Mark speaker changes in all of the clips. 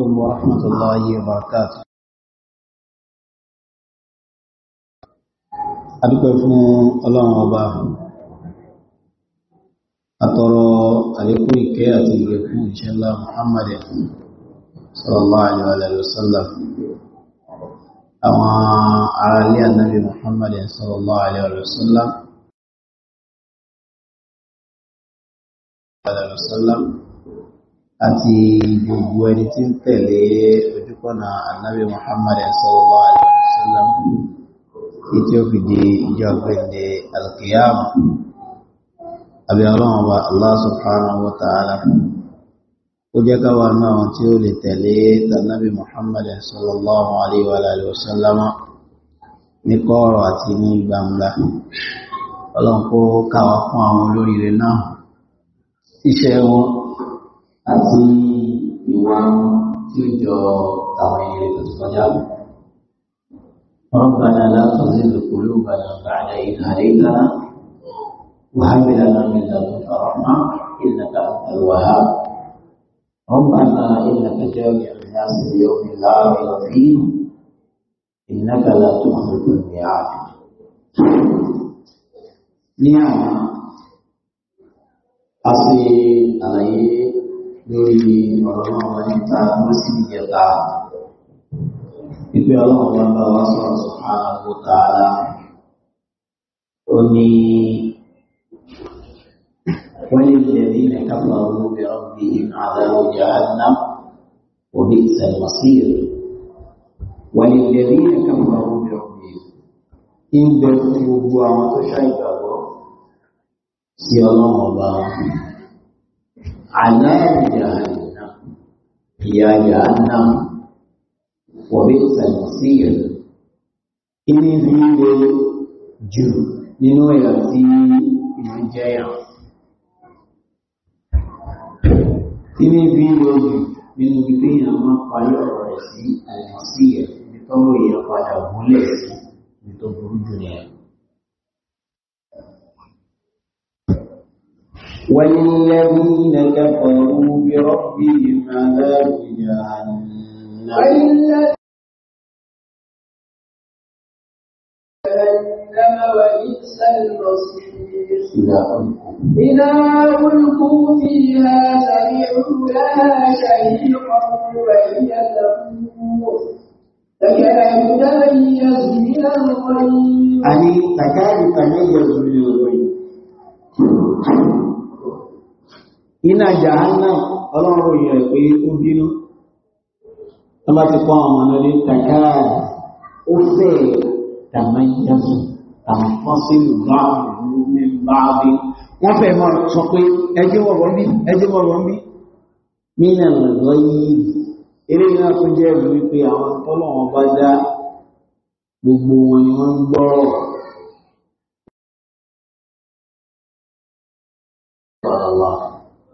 Speaker 1: عليكم ورحمة الله وبركاته adúpẹ́ fún ọlọ́run ọba
Speaker 2: àtọrọ àlékún ìkẹ́ àti ìrẹ̀kún ìṣẹ́lá Muhammad
Speaker 1: sallallahu alaihi wa sallam àwọn aráalé ànábì Muhammad sallallahu alaihi wa sallam àti gbogbo ẹni tí ń
Speaker 2: tẹ̀lé ojúkọ̀nà Ànábì Muhammad sallallahu alaihi wasallam tí ó fi di ìjọ gbẹ̀ndẹ̀ alkiyama àbí ọlọ́run wa Allah subhanahu wa ta'ala ó jẹ́ káwà náà tí ó lè tẹ̀lé tànábì Muhammad sallallahu àti ìwà tí ó jọ àwọn ẹni rẹ̀ tó kọjá lọ. ربنا لا
Speaker 1: تزغ قلوبنا بعد إذ هديتنا وهب لنا من لدنك رحمة إنك أنت الوهاب ربنا إنك جامع الناس ليوم لا ريب فيه إنك لا تخلف الميعاد نعم أصلي عليه lórí ọ̀rọ̀ náà wọ́n níta ló sì ní ìjẹta wípé ọlọ́run bá bá wá sọ̀rọ̀ subhanahu wa ta'ala
Speaker 2: ó ní wọ́n lè jẹ́ bí ẹ̀ka fún àwọn olóògbé ọ̀gbìn ìrìn àdáwọ̀ jahannam òbí wọ́n lè jẹ́ bí ẹ̀ka fún àwọn olóògbé ọ̀gbìn ń fún gbogbo àwọn tó ṣàìgbàgbọ́ sí ọlọ́run ọba
Speaker 1: wọn. عذاب جهنم يا جهنم وبئس المصير إني في
Speaker 2: جو nínú ẹ̀yà tí
Speaker 1: ìlú jẹ́yà
Speaker 2: tí ní bí lórí nínú gbígbé èèyàn máa
Speaker 1: parí ọ̀rọ̀ rẹ̀ sí àìsí ẹ̀ nítorí èèyàn padà gúnlẹ̀ sí nítorí burú jù ní ẹ̀kọ́ والذين كفروا بربهم عذاب جهنم وبئس المصير إذا ألقوا فيها سمعوا لها شهيقا وهي تفور تميز من الغيب
Speaker 2: أي تكاد تميز من الغيب iná jahannam ọlọ́run ròyìn rẹ̀ pé ó bínú wọ́n bá ti kọ́ àwọn ọmọ lórí kàkáàdì ó fẹ́ tàmáyásù àfọ́sílù báàbù ní báàbù wọ́n fẹ́ mọ́ sọ pé ẹjẹ́ wọ̀ wọ́n bí ẹjẹ́ wọ̀ wọ́n bí mínà lọ́dọ̀ yìí
Speaker 1: eré náà tún ìlú wípé àwọn wọn bá dá gbogbo wọn ni wọ́n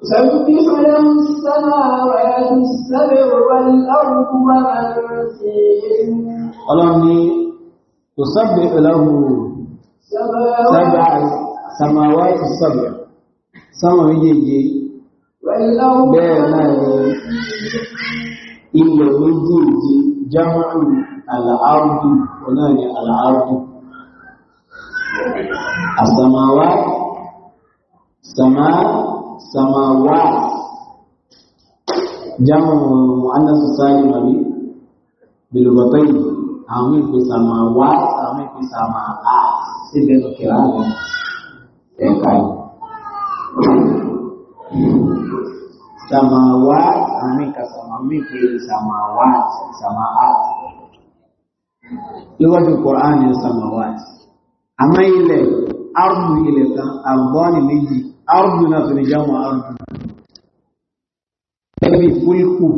Speaker 1: سبح له السماوات السبع والأرض ومن فيهن
Speaker 2: اللهم تسبح له
Speaker 1: سبع سماوات السبع
Speaker 2: سما méjèèjì bẹ́ẹ̀ náà ni ilẹ̀ méjèèjì jámàrù àlàáàrùdù ọ̀nà ni àlàáàrùdù àsàmàwá sàmáà samawat jamu muannas salim abi bil batain amil fi samawat amil fi samaat sibin kiraan ya kan samawat amil ka sama fi
Speaker 1: samawat samaat
Speaker 2: lewat Al-Qur'an ya samawat amil ardu ilaka arbani minni arduna sí ni jámà arduna ẹbí fúlkù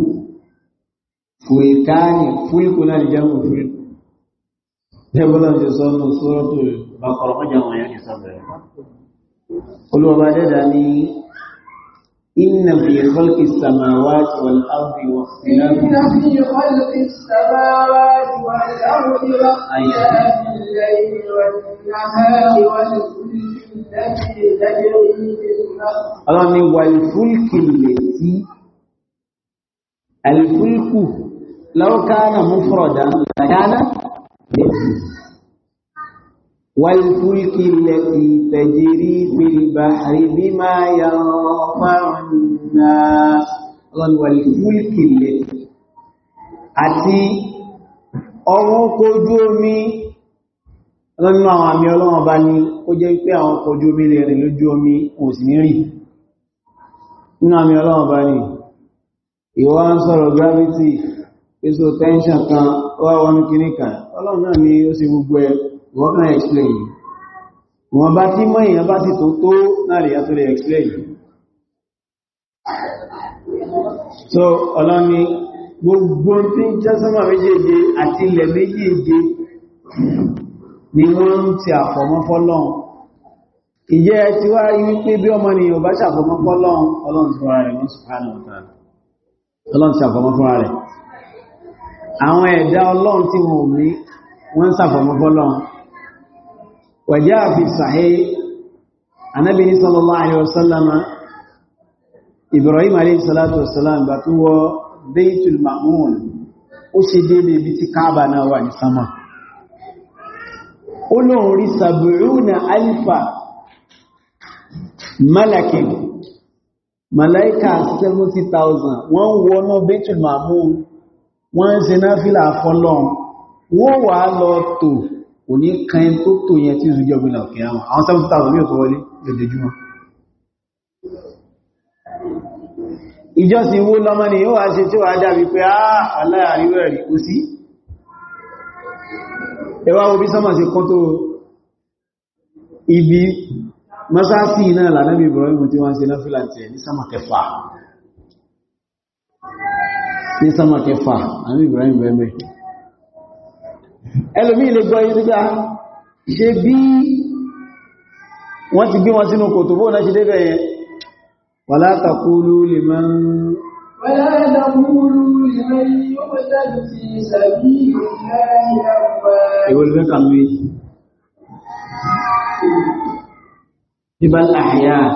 Speaker 2: fúlkánì fúlkù náà ni jámà fúlkù tẹ́bọ́lá ti sọ́nà sórọ́tò bakọ̀rọ̀ ọjà wọn yẹn sábẹ̀ olùwàbá dẹ́dà ní إن في خلق السماوات والأرض واختلاف
Speaker 1: الليل والنهار ọlọ́run ni wà ìfúlkì lè tí
Speaker 2: àìfúlkù lọ́kàánà mú fọ́rọ̀dá lọ́kàánà lè tí wà ìfúlkì lè tí tẹ̀jìrí pìlìbà àríbí máa yà fárànà ọlọ́run ọlọ́nà àwọn àmì ọlọ́wọ̀n bá ní ó jẹ́ pé àwọn ọkọ̀ ojú omi lè rìn lójú omi òun sì ní rì nínú àmì ọlọ́wọ̀n bá ní ìwọ́ ń sọ̀rọ̀ gravity peso tension kan wá wọn kìíní kan ọlọ́run ni ó sì gbogbo ẹ wọ́n kan explain wọ́n bá tí mọ́ èèyàn bá sì tó tó náà lè yàtọ̀ lè explain so ọlọ́run ni wọ́n ń ti àfọ̀mọ́ fọ́lọ́run ìjẹ́ ti wá rí wípé bí ọmọ ni ọba ṣàfọ̀mọ́ fọ́lọ́run ọlọ́run ti fọ́ra rẹ̀ wọ́n sì fánà ọ̀tàrà ọlọ́run ti àfọ̀mọ́ fọ́ra rẹ̀ àwọn ẹ̀dá ọlọ́run tí wọn ò ní wọ́n ṣàfọ̀mọ́ fọ́lọ́run wàjá àfi sàhé anábì ní sallallahu alaihi wasallam Ibrahim alayhi salatu wasalam gbà tó wọ Baitul Ma'mun ó ṣe dé ibi tí Kaaba náà olóhun rí sàbùrúnà alifa malakin malaika 70,000 wọ́n wọnú Baitul Ma'mur wọ́n ń ṣe náfílà fọ́lọ́n wọ́n wà lọ tò òní kan tó tò yẹn tí ìrìnjọ́ gbìnà kìí àwọn 70,000 ní ọ̀tọ̀ wọlé ìjọsìn wo lọ́mọ ni yóò wá ṣe tí ó wá dábí pé àà
Speaker 1: aláàríwẹ̀ rí kú sí
Speaker 2: ẹwà obi sánmà sí kọ́ tó ibi masáàsì náà lànàbí Ibrahim tí wọ́n ṣe náà fílàntẹ̀ ní sánmà kẹfà ní sánmà kẹfà àní Ibrahim bẹ̀rẹ̀ ẹlòmí ilé gbọ́ yìí nígbà ṣe bí wọ́n ti gbé wọn sínú kòtò bóò náà ṣe débẹ̀ yẹn wà látàkúrú lè máa يقول لك أمي
Speaker 1: بل أحياء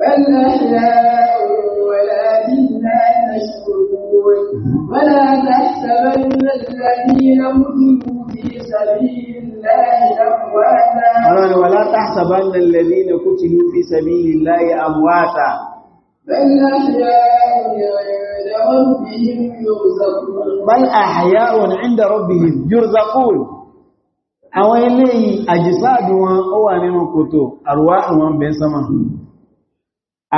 Speaker 1: بل أحياء ولكن لا
Speaker 2: تشكرون ولا تحسبن الذين
Speaker 1: قتلوا في سبيل الله أمواتا ولا تحسبن
Speaker 2: الذين قتلوا في سبيل الله أمواتا بل
Speaker 1: أحياء ربهم يرزقون بل أحياء عند
Speaker 2: ربهم يرزقون àwọn eléyìí àjísáàdù wọn ó wà nínú kòtò àrùwá àwọn bẹ̀ sánmà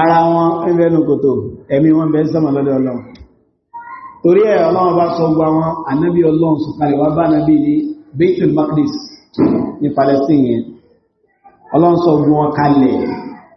Speaker 2: ara wọn ẹgbẹ̀nu kòtò ẹ̀mí wọn bẹ̀ sánmà lọ́dọ̀ ọlọ́run torí ẹ̀ ọlọ́run bá sọ gba wọn ànábí ọlọ́run sọ̀kalẹ̀ wá bá nábí ní Baitul Maqdis ní Palestine yẹn ọlọ́run sọ wọn kalẹ̀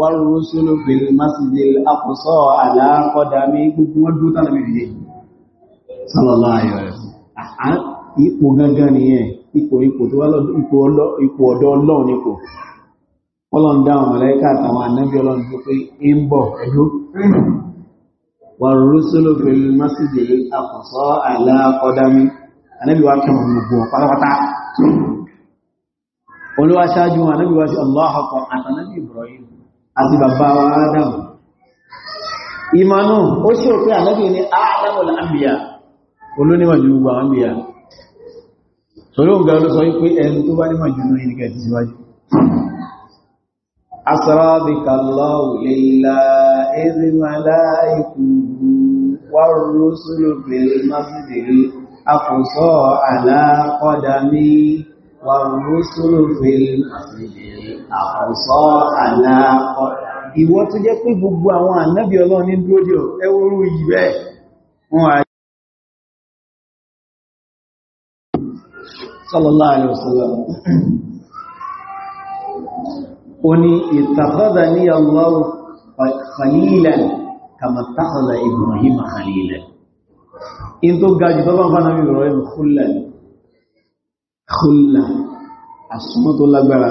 Speaker 2: wọ́n rúsùlù fil masjidil aqsa ala qadami gbogbo wọ́n dúró tánà bí fìdí
Speaker 1: sallallahu alaihi
Speaker 2: wasallam ipò gangan nìyẹn ipò ipò tó wá ipò ọ̀dọ̀ ọlọ́run nípò ọlọ́run dáhùn mọ̀lẹ́kà àtàwọn ànábí ọlọ́run tó pé ń bọ̀ ẹ̀dọ́ wọ́n rúsùlù fil masjidil aqsa ala qadami ànábí wa kẹwàá gbogbo pátápátá olúwa ṣáájú ànábí wa sí allah akọ̀ àtànábí ibrahim àti bàbá wa Adam ìmọ̀nà ó ṣe òpé àlẹ́bì ní Adamul Anbiya olónímọ̀ jù gbogbo àwọn àbíyà sọ́lọ́ ń gẹ̀rọ sọ wípé ẹni tó bá nímọ̀ jù lórí nìkẹ̀ ti síwájú asra bika Allahu lillahi
Speaker 1: Ìwọ tó jẹ́ pé gbogbo àwọn ànábì ọlọ́run ní dúró dìọ̀ ẹwọ́rú yìí bẹ́ẹ̀ wọn àyè. Sallallahu alaihi wasallam.
Speaker 2: Ó ní ittakhadha ní Allahu khalilan kama ittakhadha Ibrahim khalilan. In tó gajù tọ́lọ́ kúlà àsúnmọ́ tó lágbára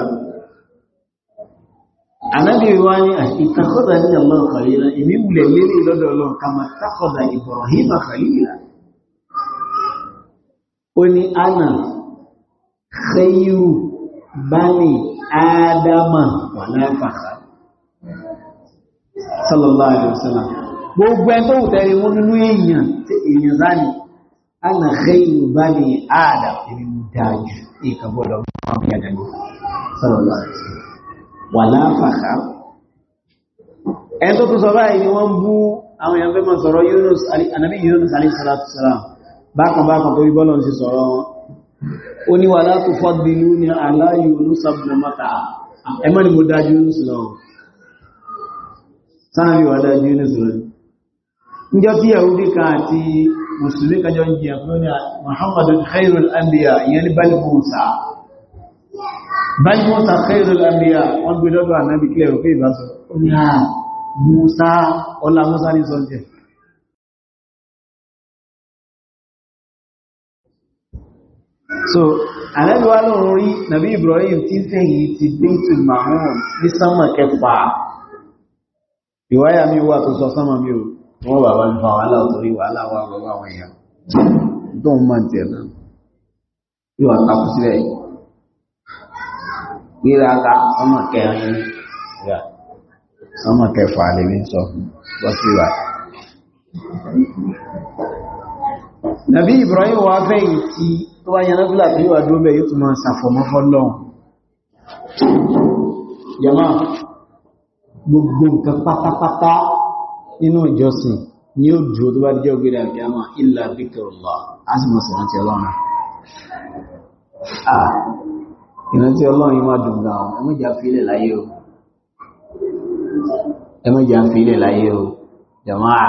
Speaker 2: anábìwá ní ìtàkọ́dà ní Allah khalila ìmí wulẹ̀ lérí lọ́dọ̀ ọlọ́run ká ma tàkọ́dà Ibrahim khalila ó ní ana khayru bani adama wà láfàkà sallallahu alaihi wasallam gbogbo ẹ̀ tó wùtẹ́ rí mú nínú èèyàn tí èèyàn ana khayru bani adam èmi mo dáa jù ìkà gbọ́dọ̀
Speaker 1: mọ́ bí àdáni sọ̀rọ̀ lọ
Speaker 2: wà láfàkà ẹni tó tún sọ báyìí ni wọ́n bú àwọn èèyàn fẹ́ mọ̀ sọ̀rọ̀ Yunus anabi Yunus alayhi salatu salam bákan bákan tó bí bọ́lọ̀ sí sọ̀rọ̀ wọn ó ní wà látò fọ́dìlú ní aláyò olúsàbùnà mọ́ta ẹmọ́ ni mo Yunus lọ níjọ́ tí yahudi kan àti musulmi kajọ ń jẹ fún ní muhammadu khairul anbiya ìyẹn ni bal musa bal musa khairul anbiya wọ́n
Speaker 1: gbé lọ́dọ̀ ànábì kílẹ̀ òkè ìbáṣọ́ ó musa ọlá musa ní sọ́jẹ́ so ànábì wá lọ́rùn rí nàbí ibrahim tí sẹ́yìn ti bíntùl mahmud
Speaker 2: ní sánmà kẹfà ìwáyà mi wà tó sọ sánmà mi ò tí wọ́n bàbá ń fa wàhálà torí wàhálà wà lọ́wọ́ àwọn èèyàn tó ń máa tẹ̀ náà yóò wà kápú sílẹ̀ gbéra ta ọmọ kẹrin ọmọ kẹfà lè ní sọ bọ́ sí wa. nàbí Ibrahim wà fẹ́yìn tí tó bá yaná fúlà tó yíwà dúró bẹ̀ yóò máa ṣàfọ̀mọ́ fọ́lọ́hun yàmá gbogbo nǹkan pátápátá nínú ìjọsìn ni ó dúró tó bá jẹ́ ògbèrè àkíyàmà ilà bíkẹ̀rọ̀lá a sì mọ̀ sí rántí ọlọ́run ah ìrántí ọlọ́run yìí máa dùn ga ọ ẹ mẹ́jà fílẹ̀ láyé o
Speaker 1: ẹ mẹ́jà fílẹ̀ láyé
Speaker 2: o jàmáà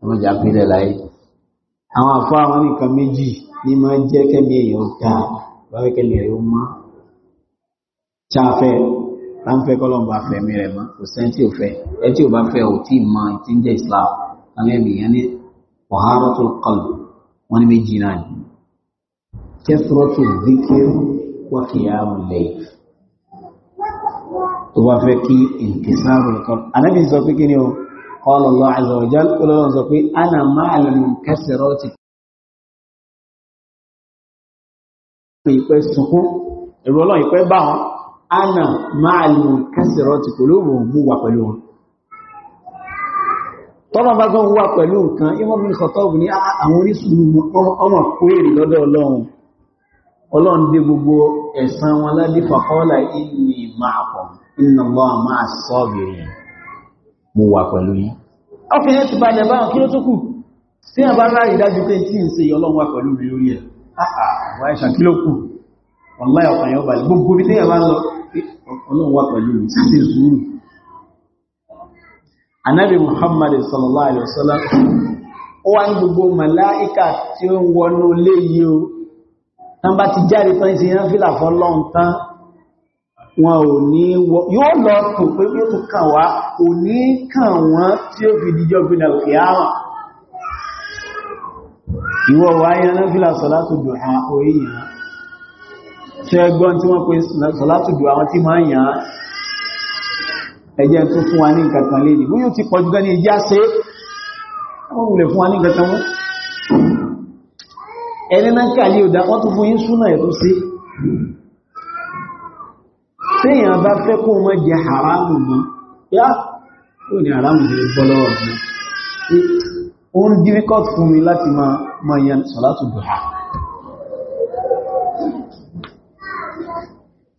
Speaker 2: ẹ mẹ́jà fílẹ̀ láyé àwọn àfọ àwọn nìkan méjì ní máa jẹ́ kẹ́mi èèyàn ga báwẹ́kẹ́mi èèyàn má láńfẹ́ kọ́lọ́n bá fẹ́ mi rẹ̀ mọ́ kò sẹ́ni tí ò fẹ́ ẹ tí ò bá fẹ́ ò tí ì mọ ti ń jẹ́ Islam lábẹ́ ìyẹn ní waharatul qalb wọ́n ní méjì náà ni kẹ́sìrọ́tò zikir wa qiyamul layl tó bá fẹ́ kí intisarul qalb anábì sọ pé kí ni o qala Allah azza wa jal
Speaker 1: olóòrùn sọ pé ana ma'al munkasirati ìpẹ́ sunkún èrò ọlọ́run ìpẹ́ bá wọn ana máa
Speaker 2: lè kásìrọ̀ ti kò lóòrò mú wà pẹ̀lú wọn tọ́nà bá gán wà pẹ̀lú nǹkan imọ́bìnrin kọ̀tọ́bù ní ah, àwọn onísùnmù ọmọ kúrèrè lọ́dọ̀ ọlọ́run ọlọ́run dé gbogbo ẹ̀san wọn ládé fàkọ́ọ́lá ìní máa pọ̀ iná lọ́ máa sọ́ọ̀bìnrin mú wà pẹ̀lú yìí
Speaker 1: ọkùnrin ti balẹ̀ báwọn kí ló tó kù tí a bá ráyìí dájú
Speaker 2: ọlọ́run wà pẹ̀lú mi sí zuru anabi muhammad sallallahu alaihi wasallam ó wá ní gbogbo màláíkà tí ó ń wọnú lé yìí o tán bá ti jáde tán ìsìn yán fílà fọ́lọ́n tán wọn ò ní wọ yóò lọ tó pé yóò tó kàn wá ò ní kàn wọ́n tí ó fi díjọ́ gbìnà òkè àwọn ìwọ̀ wáyé náà fílà sọ́lá tó dùn àwọn oríyìn tí ẹ gbọ́n tí wọ́n pe sọ̀látùdù àwọn tí máa ń yàn án ẹjẹ́ tó fún wa ní nǹkan kan lè ní bóyí ó ti pọ̀jù gan ní ìjá sí wọ́n wùlẹ̀ fún wa ní nǹkan kan mú ẹni náà kàlí ò dákọ́ tó fún yín súnà ẹ̀ tó sí téèyàn bá fẹ́ kó mọ́ jẹ haramu mọ́ yá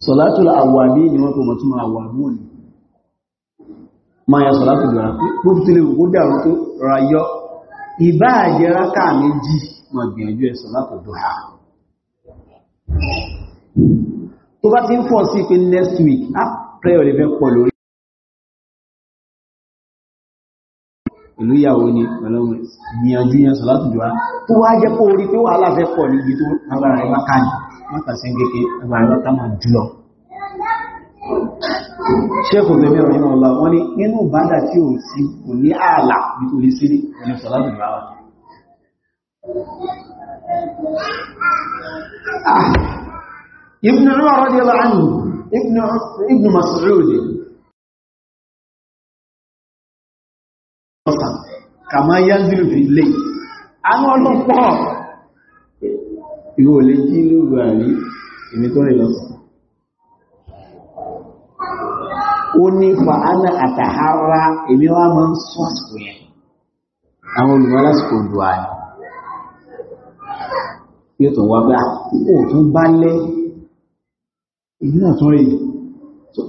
Speaker 2: sọ̀látùl àwàbí ni wọ́n kò mọ̀ túnmọ̀ àwàbú ni ma ya sọ̀látù jọra pé gbogbo tí lè gbogbo dàrú tó rayọ́ ìbá àjẹ́rá káà méjì wọ́n gbìyànjú ẹ̀ sọ̀látù dùhà
Speaker 1: tó bá ti ń fọ́ sí pé next week á prayer lè fẹ́ pọ̀ lórí pẹ̀lú ìyàwó ni gbìyànjú yẹn sọ̀látù jọra tó wá jẹ́ kó orí pé wàhálà fẹ́ pọ̀
Speaker 2: mọ́kànsí gẹ́gẹ́ ẹgbàrún kama jùlọ
Speaker 1: ṣékò tó mẹ́rin
Speaker 2: nínú ọlá wọ́n ni nínú bádà tí ò sí kò ní ààlà nítorí sílé ẹni sọ̀lábì ráwà
Speaker 1: ah, ibn Umar radiyallahu anhu ibn Mas'ud kama yanzilu fi ilé àwọn ìwò
Speaker 2: lè jí lóòrò àrí èmi tó rìn lọ́sàn ó ní fàánà àtàhárá èmi wá máa ń sọ àsìkò yẹn àwọn olùmọ̀ lásìkò dùà yóò tó wá bá ah, ó tún bá lẹ́ èmi náà tún rìn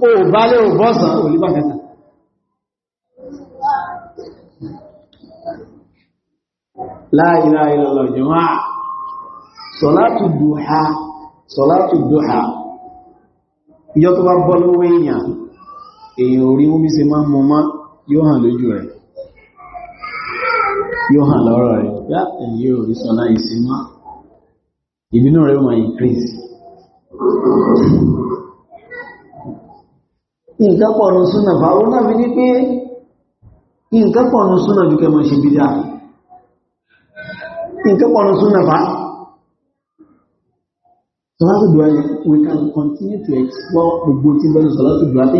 Speaker 2: ó bá lẹ́ ò bọ́sàn ò lè bá kẹta láìláìlọ́lọ́ jẹ́ máa sọ̀látù dùhà sọ̀látù ha? ìjọ tó bá bọ́ lówó èèyàn ori omi se ma mọ́ má yóò hàn lójú rẹ̀ yóò hàn lọ́rọ̀ rẹ̀ yá èyí orí sọ́lá ìsí má ìbínú rẹ̀ ma increase nǹkan pọ̀nù súnà fàwọn náà fi ní pé nǹkan súnà Salatul Dua yẹn, we can continue to explore gbogbo tí bẹ́ẹ̀ Salatul Dua tí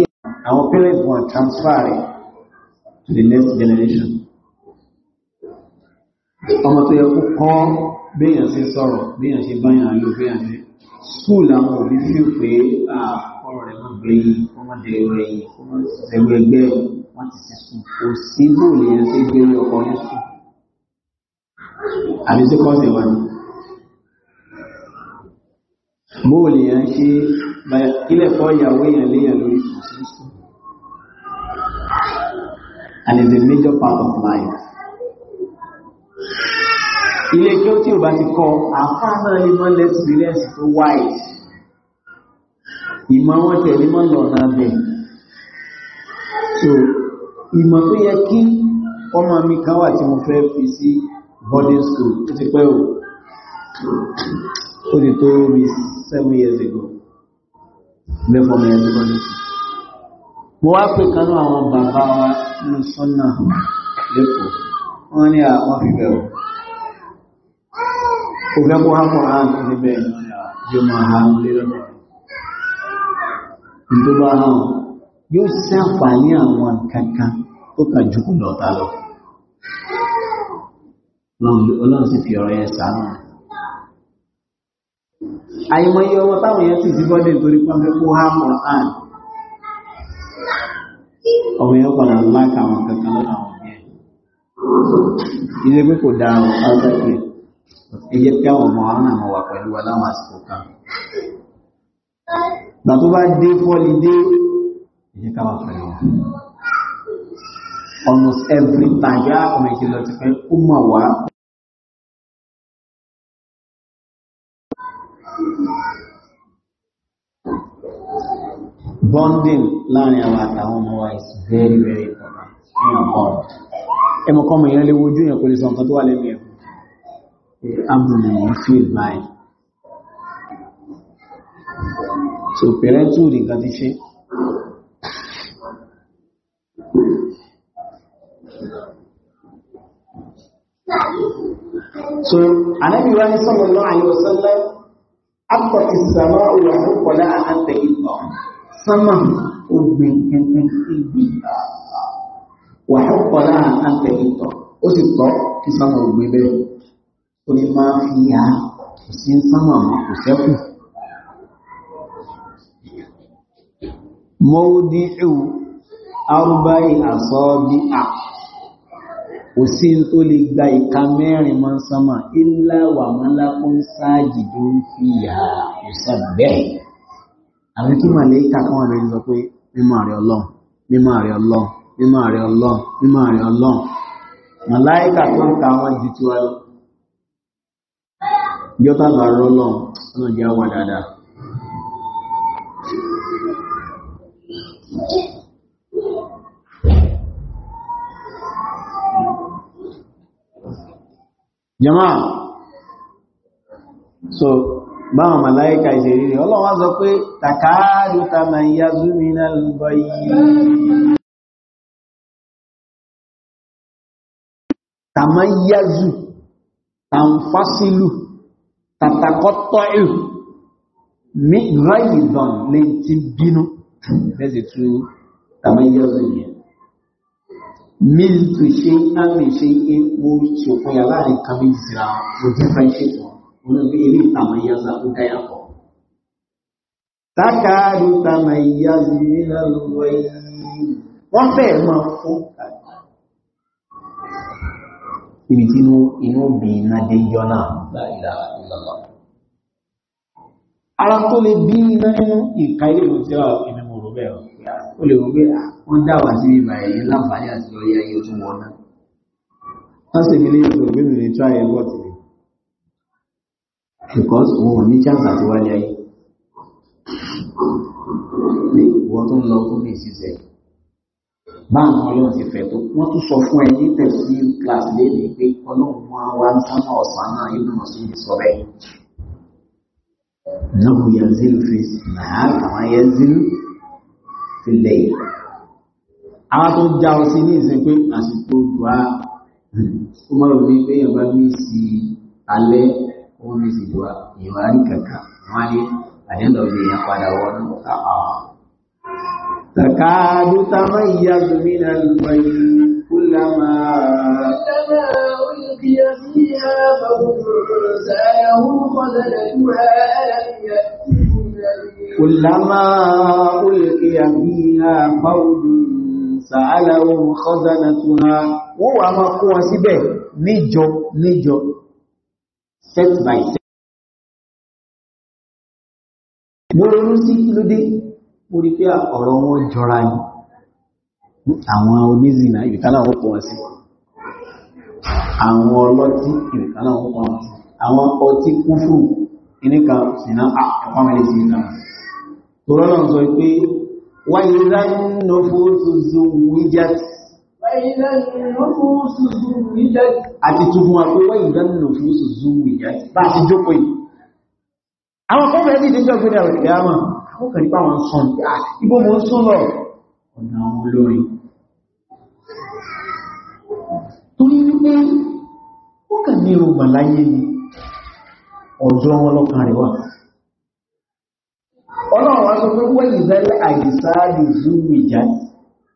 Speaker 2: àwọn parents wọn transfer rẹ̀ to the next generation. Ọmọ tó yẹ kó kọ́ béèyàn sí sọ̀rọ̀, béèyàn sí báyàn ló béèyàn sí. School àwọn òbí fi pé ọ̀rọ̀ rẹ̀ máa gbé yìí, ó máa dẹ̀ rẹ̀ yìí, ó máa dẹ̀rù ẹgbẹ́ wọn ti sì sùn. Kò sí bóòlù yẹn sí gbé ọkọ̀ ní sùn. Àbí sí kọ́ọ̀sì wọn ni bóò lè yàn ṣe ilẹ̀ fọ́ ìyàwó èèyàn léyàn lórí kọ̀sínsì and it's a major part of life ilé kí ó tí ò bá ti kọ́ àfáà náà ni experience tó wise ìmọ̀ wọn tẹ̀lé mọ́ lọ́nà bẹ̀ so ìmọ̀ tó yẹ kí ọmọ mi kan wà tí mo fẹ́ fi sí boarding school tó ti pẹ́ o ó ti tó bí seven years ago mẹ́fọ́ mẹ́rin ago ní mo wá pè kánú àwọn bàbá wa nínú sọ́nà lẹ́kọ̀ọ́ wọ́n ní àwọn fífẹ́ ọ̀ kò fẹ́ kó hápọ̀ hàn níbẹ̀ yóò máa ha ń lé lọ́dọ̀ ìjọba hàn yóò ṣàǹfààní àwọn kankan tó kà jù lọ́ta lọ ọlọ́run sì fi ọ̀rọ̀ yẹn sàánù àìmọye ọmọ táwọn èèyàn sì síbọ́dẹ̀ nítorí pọ́n fẹ́ kó há mọ̀ án ọmọ èèyàn padà ń láìka àwọn kankan lọ́nà àwọn ilé pé
Speaker 1: almost every time yá ọmọ ìṣẹ̀lẹ̀ fẹ́ kó mọ̀ wá bonding
Speaker 2: láàrin àwọn àtàwọn ọmọ wa is very very important ní ọkọ̀ ẹmọ kọmọ ìyẹn lè wojú yẹn kò lè sọ nǹkan tó wà lẹ́mí ẹ̀kọ́ abdomen yẹn feel báyìí so parental nǹkan ti ṣe so anabi wa ni sallallahu alaihi wasallam akọ̀ ti sàmà òwò àkọ́kọ̀ láàrín àtẹ̀yìn sánmà
Speaker 1: ògbìn kẹ̀kẹ́ ìgbìn
Speaker 2: wà ọ̀pọ̀ láàrín àtẹ̀yìntọ̀ ó sì tọ́ kí sánmà ògbìn bẹ́ẹ̀ ó ní máa fi yá kò sí sánmà kò sẹ́kù mọ́wúdíhù arúbáyé àsọ́ọ́bí à kò sí tó lè gba ìka mẹ́rin mọ́ sánmà ilá wà mọ́lá kún sáàjì tó ń fi
Speaker 1: yà kò sọ bẹ́ẹ̀
Speaker 2: àbí kí màlẹ́kà kan rẹ̀ sọ pé mímọ́ rẹ̀ ọlọ́run mímọ́ rẹ̀ ọlọ́run mímọ́ rẹ̀ ọlọ́run mímọ́ rẹ̀ ọlọ́run màláìkà tó ń ta wọ́n ju tiwa lọ ìjọba bá rọ́ lọ́run ọ̀nà wà dáadáa
Speaker 1: jama so
Speaker 2: báwọn màláíkà ìṣèrírí ọlọ́wọ́n
Speaker 1: sọ pé takadu tamayazu minal ghayyi tamayazu tanfasilu tatakọ́tọ́ìl
Speaker 2: ní ghaydan lè ti bínú lẹ́sì tú tamayazu yẹn mílítù ṣe ámì ṣe epo ṣòfin yàrá nǹkan bí ìsìnà ojú fẹ́ ṣètò ونبي تميز هدايا تكاد تميز من الغيظ
Speaker 1: وفهم فوق
Speaker 2: ibi tí inú bí iná dé jọ náà láìláà ìlọ́lọ́. ara tó lè bí iná nínú ìka ilé ìwò tí ó ìmì mò rò bẹ́ẹ̀ ó lè wọ́n pé wọ́n dáwà sí ìgbà ẹ̀yìn láǹfààní àti lọ́yẹ́ ayé tó wọ́n náà. wọ́n sì mi lè sọ pé mi lè tọ́ àyẹ̀wò tì because òun ò ní chance àti wálé ayé pé ìwọ tó ń lọ fún mi ṣiṣẹ́ báwọn ọlọ́run ti fẹ́ tó wọ́n tún sọ fún ẹ ní tẹ̀sí class lẹ́yìn pé ọlọ́run máa wá ń sáná ọ̀sán náà inú ọ̀sán yìí sọ bẹ́ẹ̀ náà yẹ zílù fi náà àwọn yẹ zílù fi lẹ́yìn àwọn tó já ọ sí ní ìsìn pé àsìkò dùá ó máa rò ní Ah, ah. wọ́n ní sì wá ìwà rí تكاد تميز من البيت كلما
Speaker 1: ألقي فيها فوج سألهم خزنتها ألم كلما
Speaker 2: ألقي فيها فوج سألهم خزنتها هو ما قوى
Speaker 1: نجو نجو set by set. mo ronú sí kí ló dé mo rí pé ọ̀rọ̀ wọn jọra
Speaker 2: ni àwọn onízìnà ìbìkan náà wọ́n pọ̀ wọ́n sí àwọn ọlọ́tí ìbìkan náà wọ́n pọ̀ wọ́n sí àwọn ọtí kúfù ìníkan sínú àpamẹ́lẹ̀ sí ìtàn tòrọ́nà sọ pé wáyé ránú fóòtù zuwijat àti tuntun àpẹwẹ́ ìdánilò fún oṣù zuwi bá ti jókò yìí àwọn fọ́nà ẹ̀dì ìdíjọ́ fẹ́dà rẹ̀ kìyàmà àwọn kàrí bá wọn sọ ibò mọ́ sọ lọ ọ̀nà àwọn olórin torí wípé ó kà ní ọgbà láyé ni ọ̀dọ́ wọn lọ́kàn rẹ̀ wà ọlọ́run wá sọ pé wọ́n ìzẹ́lẹ̀ àìsáàdì zuwi jáde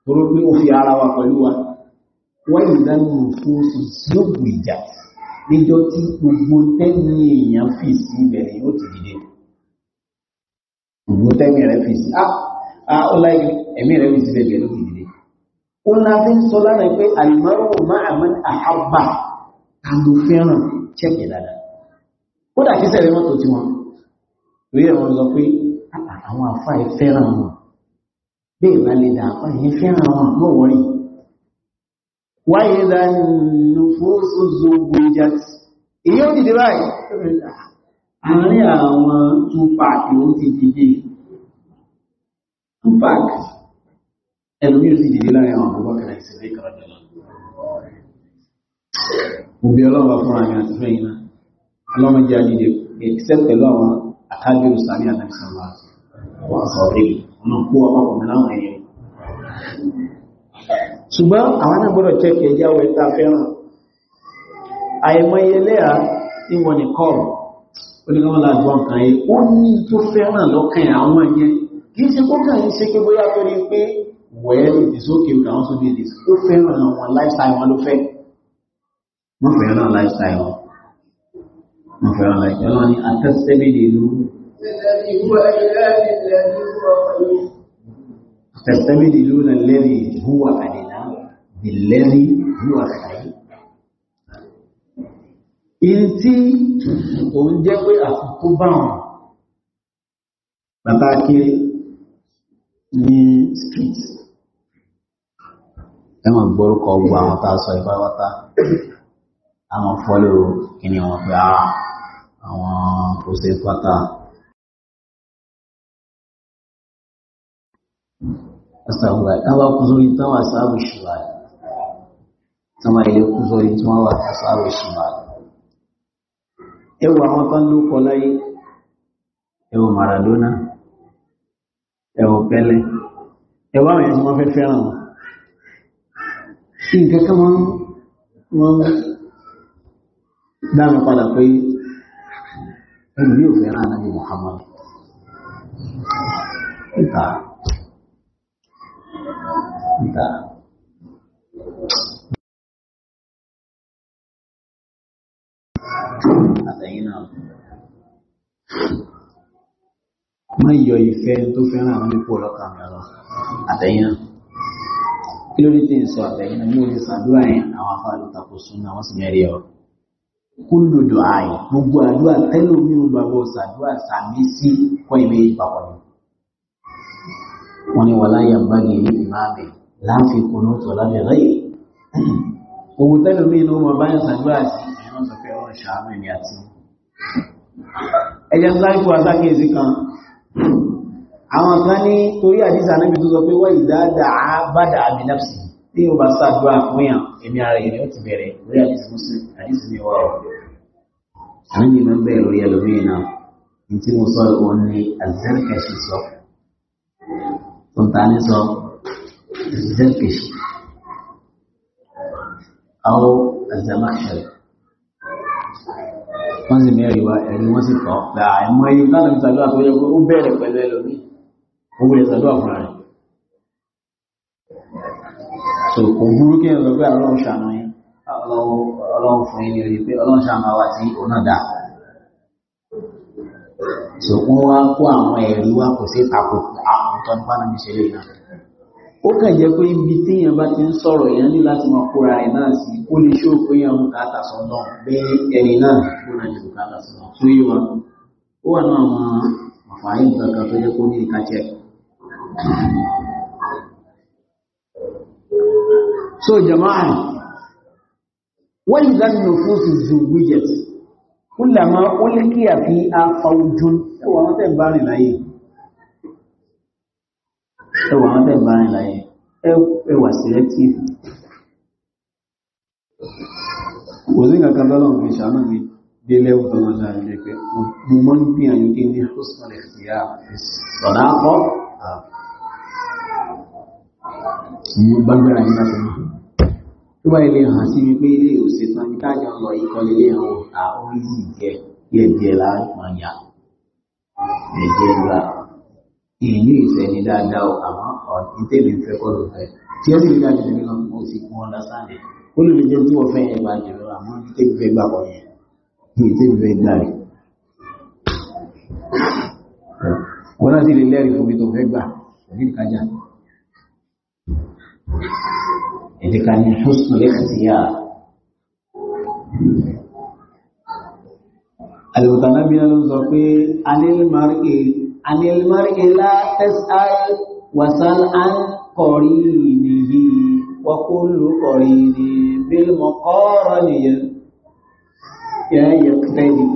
Speaker 2: torí pé ó fi ara wa pẹ̀lú wa wọ́n ìdánù fóòsù sí òkú ìjà níjọ́ tí gbogbo tẹ́ni èèyàn fi sí ìbẹ̀rẹ̀ yóò ti dìde gbogbo tẹ́mi rẹ̀ fi sí ah, ah ó láyé ẹ̀mí rẹ̀
Speaker 1: fi sí ìbẹ̀rẹ̀ yóò ti dìde
Speaker 2: ó ná fi ń sọ lára pé àlùmọ́rò máa mọ́ àhábà àlò fẹ́ràn chẹ́kì dáadáa ó dà kí sẹ́rẹ̀ mọ́tò tí wọn rí ẹ̀rọ lọ pé ah, ah, àwọn àfáà fẹ́ràn wọn bẹ́ẹ̀ bá lè dà àfáà yẹn fẹ́ràn wọn náà wọ́n rí وإذا النفوس زوجت èyí ó dìde báyìí àárín àwọn tupac ló ti dìde tupac ẹlùmí ò sì dìde láàrin àwọn àbúgbọ́kẹ̀rẹ̀ ìṣẹ̀lẹ̀ ìkọ̀rọ̀dọ̀lọ́ òbí ọlọ́wọ́ fún àmì àti fún ìyìnà ọlọ́wọ́ jẹ́ àdìdè except pẹ̀lú àwọn àkájú sàmì àtàkìsàmà wà sọ̀rọ̀ ṣùgbọ́n àwọn náà gbọ́dọ̀ jẹ́kẹ̀ ìyàwó ẹ̀ta fẹ́ràn àìmọye lẹ́à ìwọ̀n nìkọ́ onígbọ́n lágbọ́n kan yìí ó ní tó fẹ́ràn lọ́kàn àwọn ẹ̀yẹ
Speaker 1: kìí ṣe kókàn yìí ṣe
Speaker 2: well it is okay we can also do lifestyle wọn ló fẹ́ wọ́n fẹ́ràn lifestyle wọn lifestyle wọn ni àtẹ́sẹ́bí nìlú àtẹ́sẹ́bí nìlú nà lẹ́rìí ìlẹ́rí yóò àṣàyí. In tí òun jẹ́ pé àkókò bá wọn, bàbá kiri ní street. Ẹwọ̀n gbórúkọ gbogbo àwọn tàà sọ ìfáwátá,
Speaker 1: àwọn fọ́lò kìíní wọn pé ah, àwọn òṣèré pátá. Astaghfirullah, táwọn kúrò ní táwọn àṣà àbùṣùwàá tọ́mọ ilé kú sórí tí wọ́n
Speaker 2: wà kásáàrò ìṣìmá ẹwà àwọn kan ló kọ láyé ẹwà Maradona ẹwà Pele ẹwà àwọn ẹ̀sùn wọn fẹ́ fẹ́ràn wọn nǹkan kan wọ́n wọ́n dánu padà pé ẹnu yóò fẹ́ràn náà ní Muhammad ìta ìta
Speaker 1: lẹ́yìn náà má yọ ìfẹ́ tó fẹ́ràn àwọn ipò ọlọ́kàn rẹ̀ lọ àtẹ̀yìn
Speaker 2: náà kí ló dé tí ń sọ àtẹ̀yìn náà mo lè ṣàdúrà yẹn àwọn afáàlú tako súnà wọ́n sì mẹ́rin ọ kúlùdò ààyè gbogbo àdúrà tẹ́lẹ̀ omi ò lọ àwọn ṣàdúrà sàmì sí kọ́ ìwé ìpapọ̀ ni wọ́n ní wàlá yàgbá ní ilé ìmáàmì láàfin kùnú tó lábẹ́ rẹ̀ owó tẹ́lẹ̀ omi ló mọ báyìí ṣàdúrà sí ẹ̀rọ sọ pé ọ̀rọ̀ ṣàánú ẹjẹ́ sáìkò àsákèsí kan àwọn kan ní torí àdísà náà tó sọ pé wọ́n ìdáadà bádà àbìnàpsì tí ó bá sáàdúrà fún yàn èmi ara yìí ni ó ti bẹ̀rẹ̀ lórí àdísì muslim àdísì ni wà ọ̀ àwọn yìí máa ń bẹ̀rẹ̀ lórí ẹlòmíì náà ní tí mo sọ òun ni azẹ́rkẹ̀ṣì sọ tó ń ta ní sọ azẹ́rkẹ̀ṣì àwọn azẹ́máṣẹ̀rẹ̀ wọ́n sì mẹ́rin wá ẹ̀rí wọ́n sì tọ́ àìmọ́ ẹni láti ṣàdúrà tó yẹ ó bẹ̀rẹ̀ pẹ̀lú ẹlòmí ó wulẹ̀ ṣàdúrà fúnra rẹ̀ so kò burú kí ẹ̀rọ pé ọlọ́run ṣàánú yín ọlọ́run fún yín rí pé ọlọ́run ṣàánú àwa tí òun náà dà so wọ́n wá kó àwọn ẹ̀rí wá kò sí tako àwọn tó ń bá náà ṣe lè náà ó kàn jẹ́ pé ibi téèyàn bá ti ń sọ̀rọ̀ èèyàn ní láti máa kóra rẹ̀ náà sí kó lè ṣó pé èèyàn mú káàtà sọ́nà bí ẹni náà kó náà jẹ́ káàtà sọ́nà tó yé ó wà náà àwọn àfààní kankan tó yẹ kó ní ìka jẹ. so jama'a wọ́n yìí láti lò fún sí zuwijẹ̀t kúlàmọ́ ó lé kíyà fi afọ́ ojú ẹwà tẹ̀ bá rìn láyé ẹ wà wọn bẹ́ẹ̀ bá rìn láyé ẹ wà selective kò sí nǹkan kan tọ́lọ̀ fi ṣàánà mi dé lẹ́wù tó lọ ṣàánà mi pé mo mọ́ ń gbìyànjú kí ní
Speaker 1: hospital ẹ̀sìyà
Speaker 2: ọ̀nà akọ́ mo bá gbéra yín láti mọ́ tó bá ilé hàn sí mi pé ilé òsè tán ní káàjọ lọ ìkọlẹ̀ ilé àwọn àwọn ìlú ìjẹ díẹ̀ díẹ̀ láàrín ọ̀yà ẹ̀jẹ̀ láàrín èyí ìsẹ̀ni dáadáa o àmọ́ ìtẹ̀lẹ̀ fẹ́ kọ́ ló fẹ́ tí ó sì rí dájú nínú mo sì kún ọ́nà sáàdì ó lè jẹ́ tí wọ́n fẹ́ yẹn bá jùlọ àmọ́ ìtẹ̀lẹ̀ fẹ́ gbà wọ́n yẹn ìtẹ̀lẹ̀ fẹ́ dáre wọ́n láti lè lẹ́rìí fún mi tó fẹ́ gbà òní ìkájà ẹ̀dẹ̀ka ni husn lẹ́kàtìyà alùpùpù náà bí wọ́n sọ pé alẹ́ عن المرء لا تسأل وسل عن قرينه وكل قرين بالمقارن يا يقتدي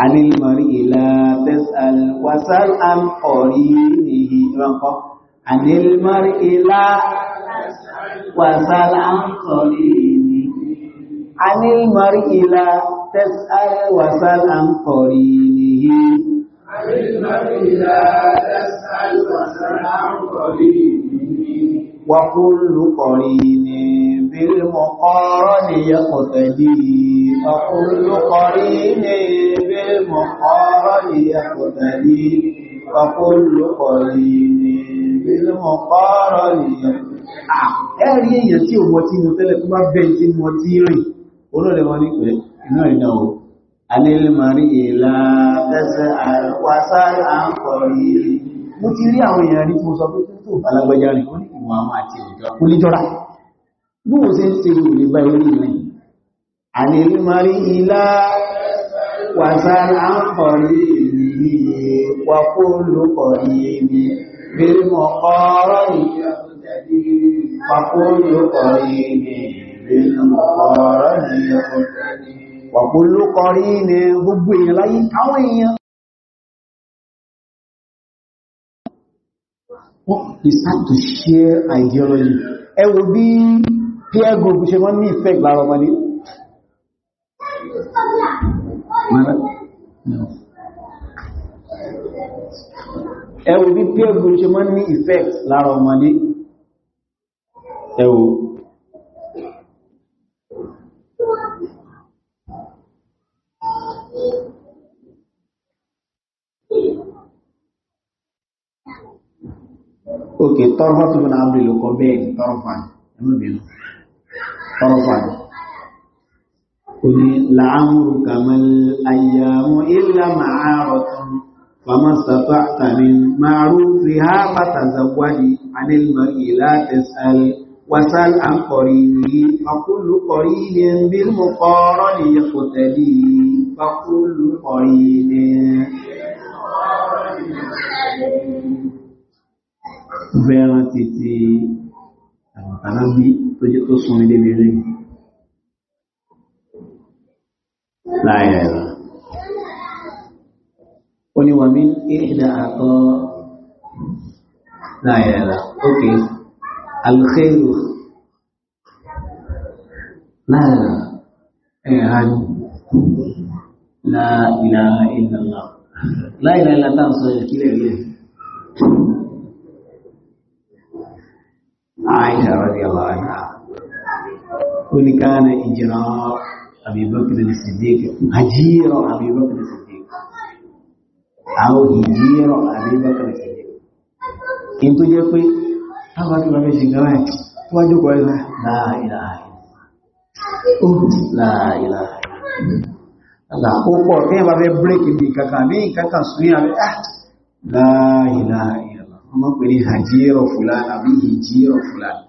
Speaker 2: عن المرء لا تسأل وسل عن قرينه عن المرء لا
Speaker 1: وسل عن
Speaker 2: قرينه عن المرء لا تسأل وسل عن قرينه وكل قرين بالمقارن يقتدي وكل قرين بالمقارن يقتدي وكل قرين بالمقارن يقتدي ẹ̀rí èèyàn tí ò mọ̀ tí mo tẹ́lẹ̀ tó bá bẹ́ẹ̀ tí mo ti rìn olóòrẹ̀ wọn ní pé iná ìdáwó Anil marí èlà tẹ́sẹ̀ wàsáì à
Speaker 1: ń kọ̀ rí
Speaker 2: mo ti rí àwọn èèyàn rí tí mo sọ pé tó alágbẹ́já rìn ó ní ìwọ̀n àwọn àti ìjọ kó níjọ́ra bí mo ṣe ń ṣe ìwò ní báyìí ní ìrìn alẹ́lẹ́ marí èlà wàkó lókọ̀ ìrìn bí
Speaker 1: mo kọ́ ọ̀rọ̀ wàkó lókọ̀ ìrìn bí mo kọ́ ọ̀rọ̀ wàpò ló kọrí ní gbogbo èèyàn láyé àwọn èèyàn we start to share ideology ẹ wo bí peer group ṣe wọ́n ní
Speaker 2: effect lára ọmọdé ẹ wo bí peer ṣe wọ́n ní effect lára ọmọdé ẹ wo òkè tọ́rọfà tó fún àbúrò ìlú kọ bẹ́ẹ̀ ní tọ́rọfà ẹmọ́bìnú tọ́rọfà kò ní láàmùrù kàmàl àyàmù ìlà màárọ̀ tán fàmásàtọ̀ àtàmì màárù fi ha pàtàzàwádì anilmọ̀ ìlà tẹ̀sàl wasal an kọ̀rìyí fakúlù kọ̀rìyí bí mú kọ́rọ̀ ní yẹ kò tẹ̀lé fakúlù kọ̀rìyí mo fẹ́ rántí ti àwọn alábí tó jẹ́ tó sun ilé rere láàyè rẹ̀ ó ní wà mí ìdá àkọ́ láàyè
Speaker 1: rẹ̀ ókè alùkẹ́rù láàyè rẹ̀ ẹ̀yà hajj la ilaha
Speaker 2: illallah la ilaha illallah sọ ìkílẹ̀ rẹ̀
Speaker 1: عائشة رضي الله عنها
Speaker 2: قل كان إجراء أبي بكر الصديق هجير أبي بكر الصديق أو هجير أبي بكر الصديق إنتو جاكوي أبا كما بيشي كمان واجوك وإلا لا إله إلا لا إله إلا Allah ó pọ̀ tí ẹ bá fẹ́ bírèkì bí kankan ní kankan sùn ní àwẹ́ láìláì wọ́n máa pè ní hajiro fulani àbí hijiro fulani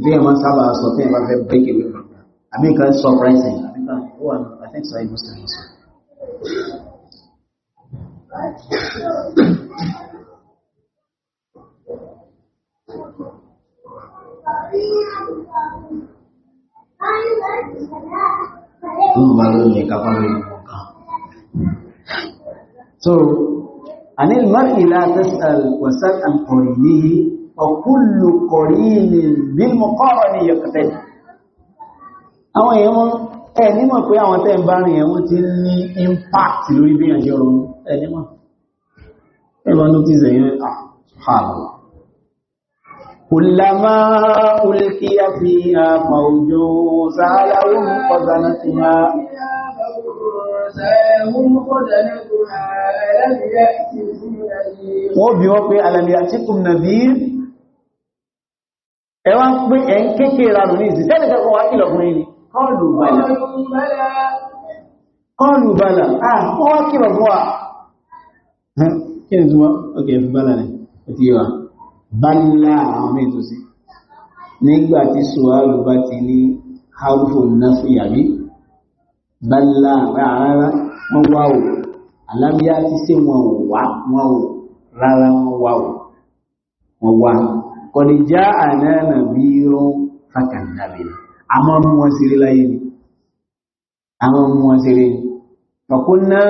Speaker 2: bí ẹ̀ máa sábà sọ fún ẹ̀bá fẹ́ break away from that àbí nǹkan surprising àbí rising. ó wà ní I think so I must have said
Speaker 1: Tó ń bá lóyìn ẹ̀ka bá lóyìn
Speaker 2: So, عن المرء لا تسأل وسل عن قرينه وكل قرين بالمقارن يقتدي àwọn èèyàn wọn ẹni mọ̀ pé àwọn tẹ́ ń bá rìn ẹ̀wọ́n ti ní impact lórí bí ẹ̀ṣẹ́ ọ̀rọ̀ ẹni mọ̀
Speaker 1: ẹ̀wọ́n ló ti zẹ̀yìn
Speaker 2: àhàlọ́ kùlàmá ulkíyà fi àpà sáàlá ó mú ti máa
Speaker 1: wọ́n bí wọ́n pé alẹ́mì
Speaker 2: àti kùn nàbí ẹwà ń pín ẹ̀ ń kéèkéè ránù ní ìsìn tẹ́lẹ̀ tẹ́kọ̀ wá kìlọ̀ fún yìí
Speaker 1: kọlù bàlá kọlù bàlá ah wọ́n wá kìlọ̀ fún wa
Speaker 2: kí ni túnmọ́ ok fún bàlá rẹ̀ àti yíwa bàlá àwọn mẹ́tò sí nígbà tí sùwárù bá ti ní harufu nafi bala rárá wọn wá o àlámíyá ti ṣe wọn ò wá wọn ò rárá wọn wá o wọn wá kọ̀dìjà àná nàbí irun fàkàndàbí àmọ́ mú wọn ṣeré láyé ni àwọn mú wọn ṣeré ni fàkúnná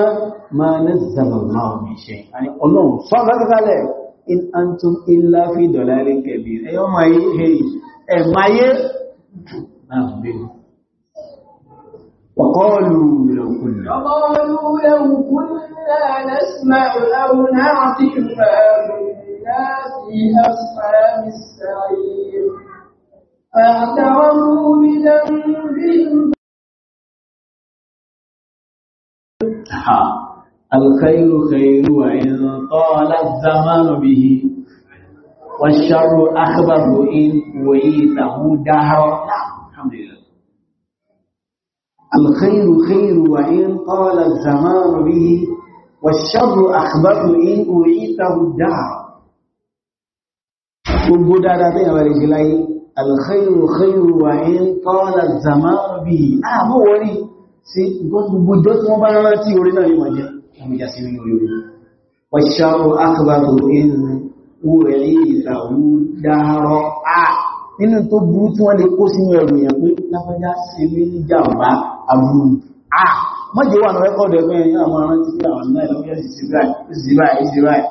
Speaker 2: máa ní zàbọ̀ náà mi ṣe àní ọlọ́run sọ lọ́kàkálẹ̀ in antum illa fi dọ̀lá rí kẹ̀bí ẹ̀yọ́ máa yé ẹ̀máyé náà bẹ̀rẹ̀ وقالوا لو كنا
Speaker 1: وقالوا لو كنا نسمع أو نعطي ما كنا في أصحاب السعير فاعترفوا بذنبهم الخير خير وإن طال الزمان به
Speaker 2: والشر أخبر إن ويته دهر نعم، الحمد لله الخير خير وإن طال الزمان به والشر أخبر إن أعيته الدار gbogbo dáadáa tí ìyàwó rẹ̀ láyé alkhairu khairu wa in tọ́lá zaman bí i ààbò wọ́rí sí gbogbo jọ tí wọ́n bá rán tí orí náà yíò jẹ́ ọmọdé sí orí orí wàṣàrò akọbàbò in wúrẹ̀ ìtàwú dáárọ̀ a nínú tó burú tí wọ́n lè kó sínú ẹ̀rù yẹn pé lápẹjá sí ní jàmbá aburú ah mọ́jẹ̀ wà ní rẹ́kọ́dù ẹgbẹ́ yẹn àwọn arántí pé àwọn náà
Speaker 1: lọ́wọ́ yẹn sì báyìí sì báyìí sì báyìí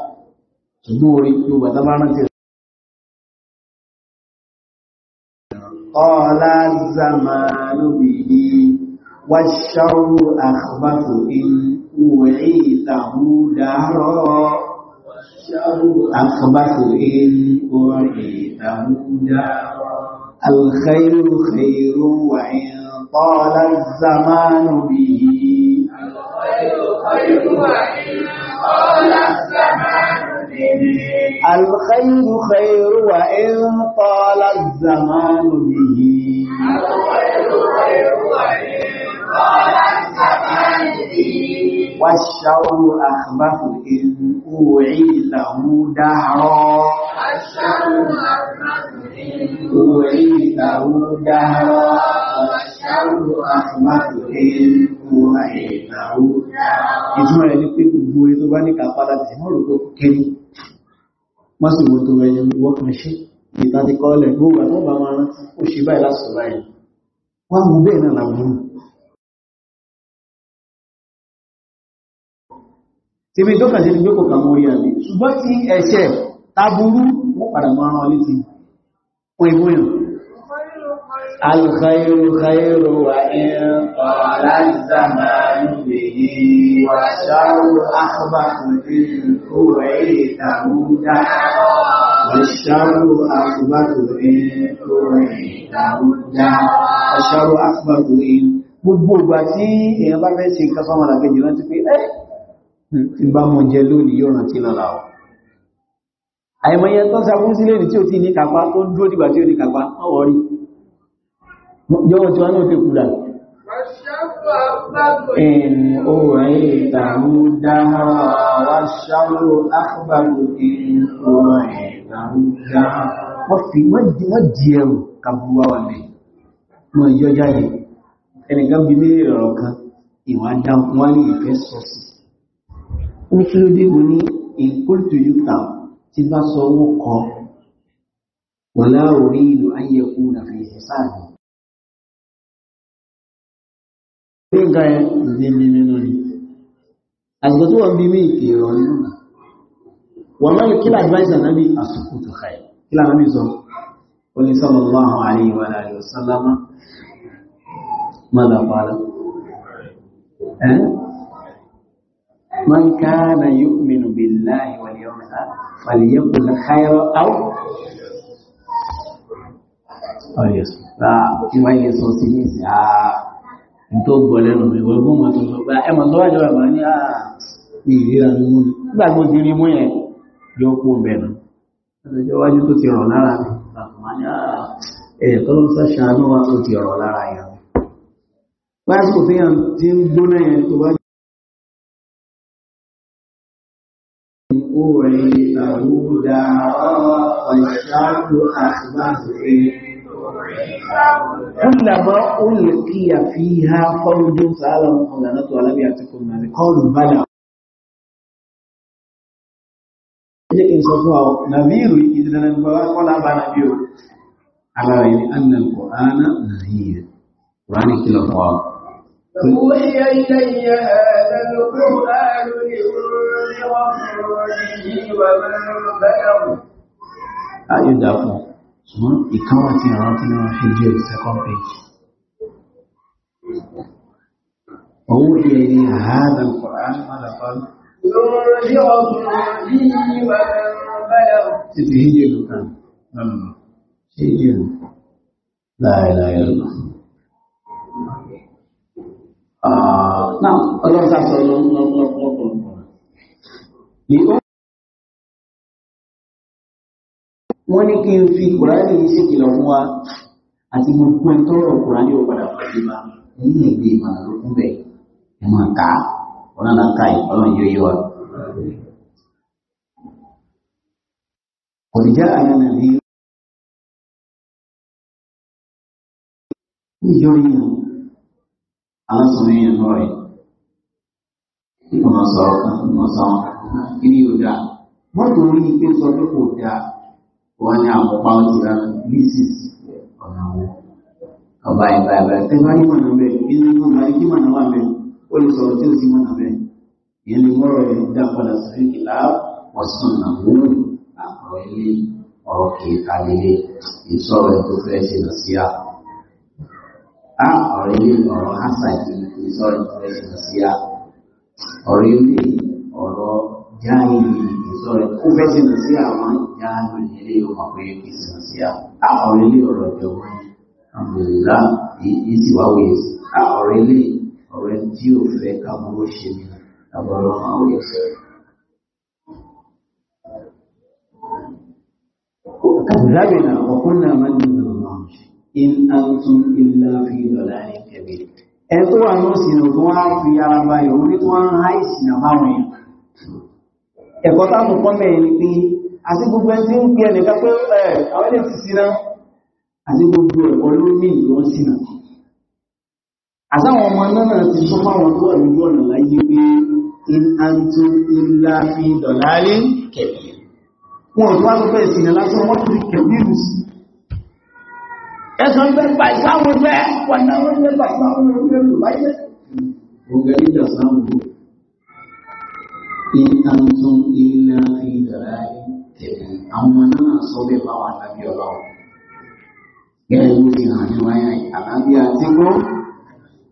Speaker 1: ṣùgbọ́n orí yorùbá tó bá rántí rẹ̀. ọ̀la zamanu bihi wàṣàrù àkàbàtò in wòye
Speaker 2: ìtàhù dàárọ̀
Speaker 1: wàṣàrù àkàbàtò in
Speaker 2: wòye ìtàhù dàárọ̀ alkhairu khairu wàhìn طال الزمان به الخير
Speaker 1: خير وإن طال الزمان به
Speaker 2: الخير خير وإن طال الزمان به
Speaker 1: الخير خير وإن طال الزمان
Speaker 2: به والشر أخبث إن أوعي له
Speaker 1: الشر أخبث إن أوعي له دهرا
Speaker 2: Ìjúmọ̀ rẹ̀ ní pé gbogbo orí tó bá ní kàpá láti mọ́ rò pé Má sì mọ́ tó rẹ̀ ní wọ́kàn
Speaker 1: ṣe, ìta ti kọ́ lẹ̀ gbogbo àwọn bá máa rántí, ó ṣe báyìí lásọ̀ báyìí. Wọ́n mú bẹ́ẹ̀ náà làbúrú. Tíbi tó kà sí ní gbókò kà mórí àmì, ṣùgbọ́n tí ẹ̀ṣẹ̀ taburú wọ́n padà
Speaker 2: máa rán létí. Wọ́n ìwọ̀n الخير خير وإن طال الزمان به والشر
Speaker 1: أخبث إن أوعيته دعا والشر أخبث إن أوعيته دعا والشر
Speaker 2: أخبث إن gbogbo ìgbà tí èèyàn bá fẹ́ ṣe nǹkan sọ́mọ̀ làkejì rántí pé ẹ́ eh, tí bá mọ̀ jẹ lónìí yóò rántí lọ́la ọ̀ àìmọ̀yẹ tó sàkún sílé ní tí ó ti ní kàpá tó ń dúró dìgbà tí ó ní kàpá ọwọ́ rí jọwọ́ tí wọ́n náà fi kúrà in orin ìtàmú dáhàrá aṣáwò akọbàlù in orin ìtàmú dáhàrá wọ́n fi wọ́n di ẹrù kàbúwà wà mẹ́ wọ́n yọ jáde ẹnìkan bí mí ìrọ̀rọ̀ kan ìwà dáhùn wọ́n ní ìfẹ́ sọ́sì
Speaker 1: ní kí ló dé mo ní ìkóòtù yúta tí bá sọ owó kọ wọ́n láàrín ìlú ayẹkú nàfẹ́ ìsáàdì ṣé nǹkan yẹn ní mi nínú ni àsìkò tí wọ́n bí mí ìpè rọ nínú nà wọ́n máa ní kílà advisor náà bí àsìkò tó ká ẹ̀
Speaker 2: kílà náà bí sọ ó ní sallallahu alaihi wa alihi wa sallama ماذا قال أه؟ من كان يؤمن بالله واليوم الآخر فليقل خيرا أو أو يسمع لا يسمع سيدي آه tó gbọ́ lẹ́nu ìwọ ẹgbọ́n mọ̀ tó sọ pé ẹ mọ̀ tó wájú ẹ̀mọ̀ ní àà ah, ní ìríra ní mú nígbà tó ti rí mú yẹn yóò kú bẹ̀rẹ̀ ọjọ́ wájú tó ti rọ̀ lára mi
Speaker 1: àmọ́ ní àà ah, ẹ̀yẹ̀ tó ń sàṣàánú wa كل ما ألقي فيها فوج سألهم خزنتها لم يأتكم ذلك قالوا بلى لكن صفوها نذير إذا لم يقل أبا نبيه على أن القرآن نذير القرآن كل القرآن فأوحي إلي هذا القرآن لأنذركم
Speaker 2: به ومن بلغ أي دافع ṣùgbọ́n ìkan wà tí àwọn tí wọ́n fi jẹ́ second page owó ilẹ̀ ní àhádà
Speaker 1: Al-Qur'an alàfàán títí hijjẹ̀lú kan lọ́nà hijjẹ̀lú láìláìlọ́ Now, Allah has a long, long, long, long, long, long. wọ́n ní kí n fi kùránì yìí ṣèkìlọ̀ fún wa àti gbogbo ẹni tọrọ kùránì ò padà pàdé bá ẹ̀yìn ẹ̀gbẹ́ ìmọ̀ràn ló kún bẹ̀ ẹ̀ máa e kà á ọlọ́run náà ká ìfọlọ́run yóò yé wa. òrìjà àwọn nàbí níjọ́ yìí àwọn sọ̀rọ̀ yẹn lọ́rọ̀ yìí kí wọ́n sọ̀rọ̀ kan kí wọ́n sọ̀rọ̀ kí ni yóò dáa wọ́n tó rí pé sọ pé kò dáa wọ́n
Speaker 2: ní àwọn pàǹtì rárá bísìs ọ̀nà wọn ọba ìgbà ìgbà tẹ́ bá rí mọ̀nà bẹ́ẹ̀ nínú tó bá rí kí mọ̀nà wà bẹ́ẹ̀ ó lè sọ̀rọ̀ tí ó sì mọ̀nà bẹ́ẹ̀ ìyẹn ni mọ́rọ̀ rẹ̀ dá padà sí ìlà ọ̀sán àwòrán àkọ̀rọ̀ ilé ọ̀rọ̀ kìíkà líle ìsọ̀rọ̀ ẹ̀ tó fẹ́ ṣe lọ sí à á ọ̀rọ̀ ilé ọ̀rọ̀ hásàkì ìsọ̀rọ̀ tó fẹ́ ṣe lọ sí à ọ̀rọ̀ ilé ọ̀rọ̀ jáì ìsọ̀rọ̀ tó fẹ́ ṣe lọ sí àwọn jáàlù ní ilé ìwọ̀n pé kì í sàn sí àwọn ilé ọ̀rọ̀ ìjọba àmìlá yìí sì wá wòye
Speaker 1: sí àwọn ilé ọ̀rẹ́ tí ò fẹ́ ká burú ṣe ni àbọ̀rọ̀ máa wòye sí.
Speaker 2: كذبنا وقلنا من من الله إن أنتم إلا في ضلال كبير ẹ̀tọ́ wà ní òsìnà tó wá fi ara ba ìrún ní tó wá ń ha ìsìnà báwọn èèyàn ẹ̀kọ́ táwọn pọ́mẹ̀ ni pé àti gbogbo ẹni tí ń pè ẹnìkan pé ẹ̀ àwọn ilé ti síná àti gbogbo ẹ̀kọ́ ló ní ìlú sínà àtàwọn ọmọ náà ti sọ fáwọn tó wà lójú ọ̀nà láyé pé in antu illa fi dọ̀láàrí kẹ̀kẹ́ wọn tó wá tó fẹ́ ìsìnà lásán wọ́n tó
Speaker 1: kẹ̀kẹ́ rú sí ẹ̀sàn ìgbẹ́
Speaker 2: tẹ̀lé àwọn ọmọ náà sọ bẹ́ẹ̀ bá wà lábí ọlọ́run gẹ́gẹ́ bí ó ti hàn ní wáyà yìí àbábí àti gbọ́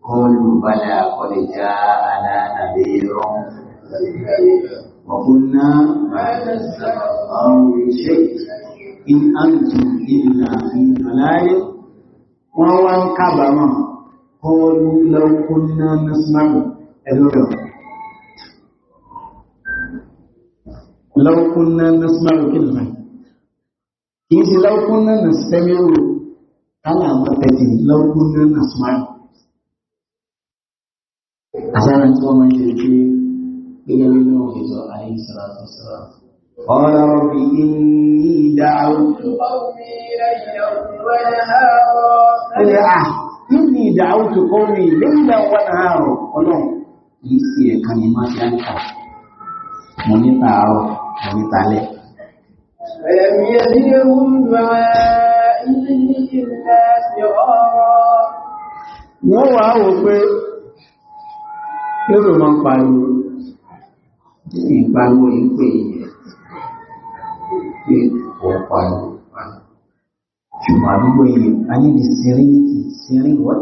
Speaker 2: kọlù balẹ̀ àkọlẹ̀já aláàbí rọrùn ما نزل الله من إن أنتم إلا في ضلال وهو انكبر قالوا لو كنا نسمع ẹlọ́rọ̀ láwùkúnná násímáwò kí nìyà kìí ṣe láwùkúnná nàṣẹ́míwò kálà àmọ́tẹ́tì láwùkúnná násímáwò àṣàrà tí wọ́n máa ń ṣe pé gẹ́gẹ́ bí wọ́n fi sọ ayé sara tó sara قال رب إني دعوت
Speaker 1: قومي ليلا ونهارا
Speaker 2: إني دعوت قومي ليلا ونهارا ọlọ́run kìí ṣe ẹ̀ka ni máa ṣe ń kà mo ní tààrọ̀ àwítalẹ̀.
Speaker 1: Wọ́n wà wò pé
Speaker 2: lórí ma ń pariwo, ìpariwo ìpè ìyẹ̀, pé wọ́n pariwo pariwo. Ṣùgbọ́n àdúgbò ilẹ̀, a ní di serenity, seren what?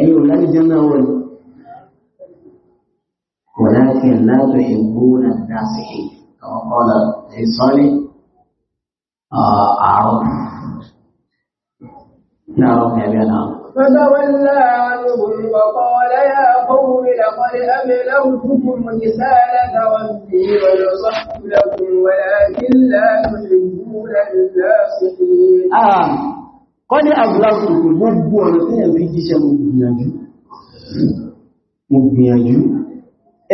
Speaker 2: Ẹni ò láti náà wọ́n. Wọ́n láti láti ìgbóhùn náà sí قال الإنساني أعرض نعرف يا بنا
Speaker 1: فتولى عنهم وقال يا قوم لقد أبلغتكم رسالة ربي ونصحت لكم ولكن لا تحبون
Speaker 2: الناصحين آه قد أبلغتكم مبوا فيها في جسم
Speaker 1: مبيانجو مبيانجو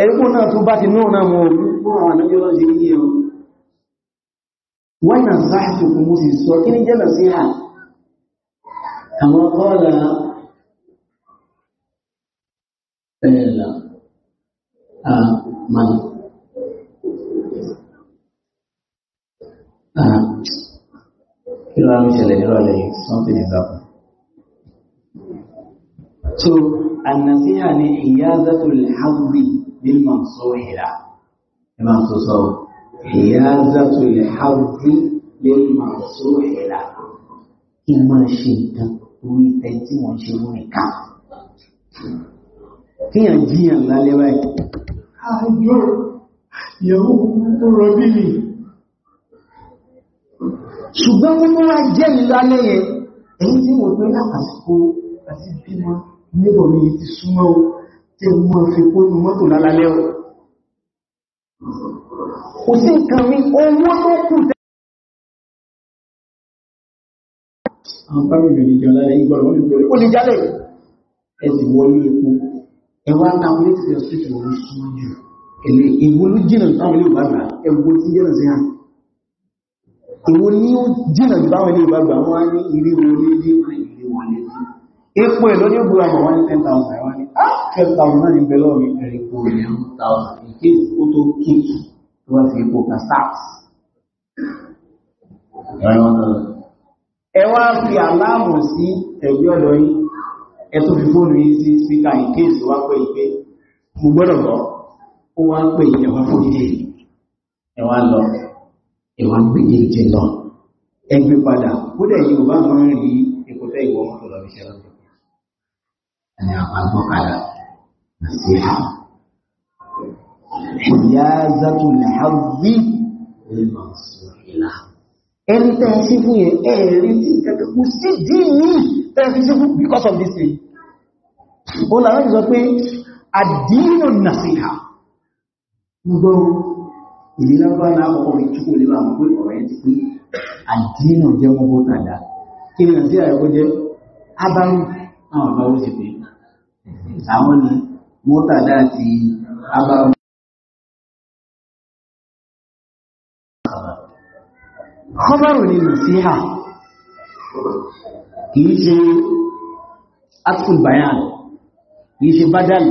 Speaker 2: ẹ̀rùkú náà tó bá ti náà náà mọ̀ orúkú àwọn ànábí ọlọ́run ṣe yíyẹ o wọ́n náà záàtì kò
Speaker 1: mú sí sọ kí àwọn kí ló ń ṣẹlẹ̀ nírọ̀lẹ̀ something is up
Speaker 2: so ànàsíhà ni ìyá zátò lè hàbí للمنصوح له المنصوص حيازة الحظ للمنصوح له إما شيء ويتنتي وشيء كام
Speaker 1: kí yàn jí yàn lálẹ́ báyìí àjò ìyàwó kúrò rọ̀bí mi ṣùgbọ́n tí wọ́n wá jẹ́ ìlálẹ́ yẹn èyí tí mo pé àkàsìkò àti bímọ níbọ̀ mi ti súnmọ́ tí wọ́n fi pónú mọ́tò lálálẹ́ ọ̀. kò sí nǹkan ní owó tó kù tẹ́ àwọn pàmìlì ìjọ lálẹ́ ìgbọ̀rọ̀ ó lè jálẹ̀ ẹ̀sì wọlé epo ẹwà táwọn ilé ìsẹ̀ sí ìwọ̀n súnmọ́ jù ẹ̀lẹ́
Speaker 2: ìwò ló jìnà táwọn ilé ìbàgbà ẹgbò tí jẹ́nà sí hàn ìwò ní ó
Speaker 1: wọlé dé ìrí
Speaker 2: ipò èlò ní ògbúra mọ̀ wọ́n ní 10,000 ẹ̀wọ́n ní 12,000 ah, náà ní bẹ̀lọ́ mi ẹ̀rẹ̀kù ní 1,000 ìké ó tó kíkì tó wá fi ipò kan sáàs ẹwà fi aláàmù sí ẹ̀gbẹ́ ọ̀dọ̀ yìí ẹ̀tọ́ fi fóònù yìí sí spíkà ìké ìsì wá pé ìpé mo gbọ́dọ̀ lọ ó wá pé ẹ̀wà fún ilé ẹ̀wà lọ ẹ̀wà gbé jẹ́ lọ ẹgbẹ́ padà kódẹ̀ yìí ò bá mọ́ rí ẹ̀kọ́tẹ́ ìwọ̀n tó lọ bí ṣẹlẹ̀ يعني أطلق على نصيحة حيازة الحظ للمنصور له ẹni tẹ́ sí fún yẹn ẹ̀rí tí kẹta kú sí dí ní tẹ́ fi sí because of this thing ó lára ìsọ pé àdínà nàṣíhà gbogbo ìlélọ́gbà náà ọkọ̀ ìtúkò lè máa pé ọ̀rẹ́ ti pé àdínà jẹ́ mọ́bọ̀ tàdá kí ni nàṣíhà ẹ̀kọ́ jẹ́ abáwọn àwọn ọ̀bá ó sì
Speaker 1: àwọn ni mọ́tà láti abáwọn kọbárò ni nasiha kìí ṣe atkul
Speaker 2: bayan kìí ṣe badal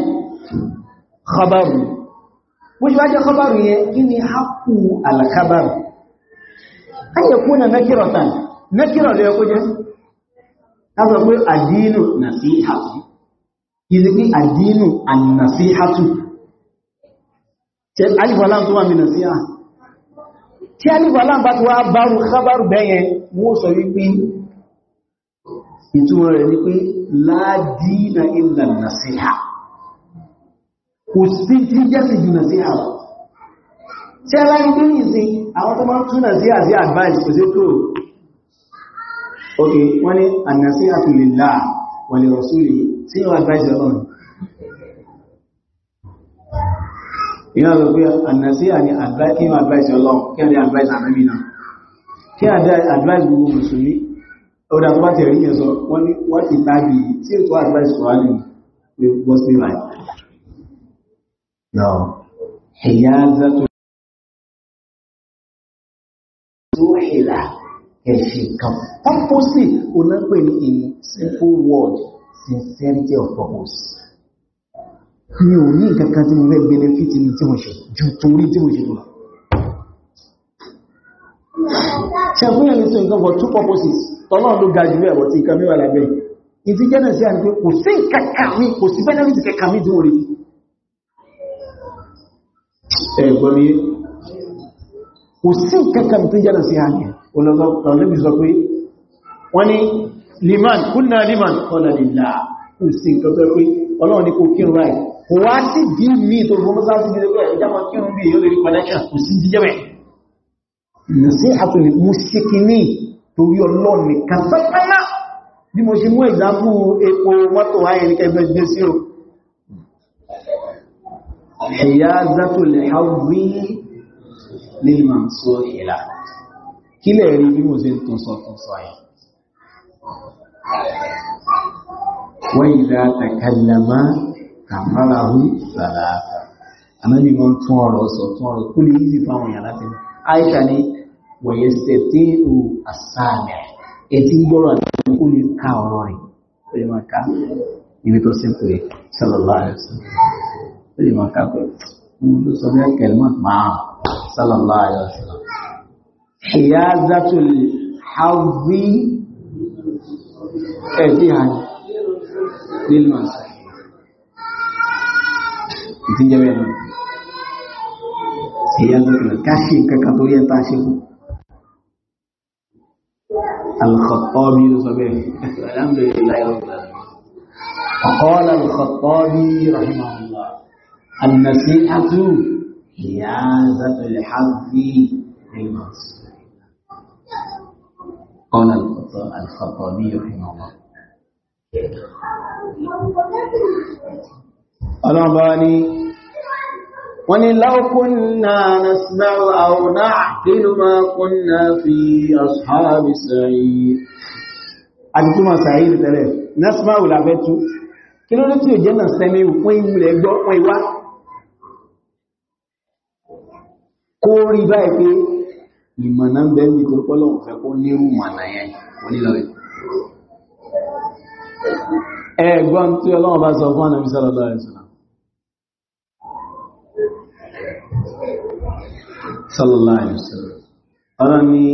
Speaker 2: kọbárò bó ṣe wá jẹ́ kọbárò yẹ kí ni haku alkabar an yẹ kúnà nakiratan nakirọ̀ lẹ́ẹ̀kọ́ jẹ́ ta sọ pé àdínù nasiha ìdí pé àdínù ànàsíhátù tí alìfàlá tó wà mìnà sí à tí alìfàlá bá ti wá bárù kábárù bẹ́yẹn wó sọ wípé ìtumọ̀ rẹ̀ ní pé ládínà ìlà nàsíhà kò sí tí jẹ́sì jù nàsíhà lọ tí àwọn tó máa tún sí advice kò sí tó ok wọ́n ni ànàsíhà tó láà wà lè rọ̀súlè tí ó àgbájọ náà ìyá rẹ̀ pé ànàsíyà ni kí ó àgbájọ ọlọ́run kí ó ní àgbájọ àmẹ́bí náà kí àgbájọ gbogbo mùsùlùmí ọdá tó bá tẹ̀rí yẹn sọ wọ́n ní wọ́n ti tàbí tí ó tó àgbájọ wà
Speaker 1: ní wọ́n sí wáyé ẹ̀yà zẹ́tò zóhìlà ẹ̀ṣì kan opposite onápẹ̀ ní in simple word sincerity
Speaker 2: of purpose mi ò ní ìkankan tí mo fẹ́ benefit ní tí mo ṣe ju torí tí mo ṣe lọ ṣẹ̀fún ẹni sọ nǹkan for two purposes tọ́lọ́ ló ga jù ẹ̀wọ̀ tí nǹkan mẹ́wàá lábẹ́ ìfi jẹ́nà sí àti pé kò sí kàkàmí kò sí benefit kàkàmí tí mo rí ẹ̀gbọ́n mi kò sí kàkàmí tó jẹ́nà sí àmì olóògbọ́n lẹ́bí sọ pé wọ́n ní liman kúnnà liman kọ́nà lílá kò sí nǹkan tó pé ọlọ́run ní kò kírun ráì kò wá sí bí mi tó rọ mọ́sá sí ilé pẹ̀lú ìjámọ́ kírun bí yóò lè rí connection kò sí jíjẹ́ mẹ́ sí àtúnlẹ̀ mú sí kìíní torí ọlọ́run ní kàtàkàlá bí mo ṣe mú ìdámú epo mọ́tò ayẹnikẹ́ gbẹ́gbẹ́ sí o ẹ̀yà zátò lè hàwí nílùmọ̀ sọ ìlà kílẹ̀ rí bí mo ṣe tún sọ tún sọ yìí وإذا تكلم كفره ثلاثة Ànábì wọn tún ọ̀rọ̀ sọ tún ọ̀rọ̀ kó lè yízi fáwọn èèyàn láti àìṣà ni wọ̀nyẹ sẹ̀tí ò àsáàmì ẹ̀tí gbọ́rọ̀ àti kó lè ká ọ̀rọ̀ rẹ̀ ó lè máa ká ibi tó sẹ́kù rẹ̀ sallallahu alaihi ó lè máa ká pé اعتيان للمسح انتي جميلة هي الكاشي كاتوية تاشي الخطابي صبيح الحمد لله رب العالمين فقال الخطابي رحمه الله النصيحة هي ذات الحظ للمنصر قال الخطابي رحمه الله ọlọ́run bá ní wọ́n ni láòkúnnà nasmau àwọnà àkílù máa kúnnà fi ashabi sa'id àtìtúmọ̀ sa'id tẹ́lẹ̀ nasmau làbẹ́tú kí ló tí ò jẹ́ náà sẹ́mi fún ìmúlẹ̀ gbọ́ pọ̀ ìwá kó rí ẹ̀gbọ́n tí ọlọ́run bá sọ fún ànàbí sọ́lọ́lọ́ àìsànà sọ́lọ́lọ́ àìsànà ọ̀rọ̀ ni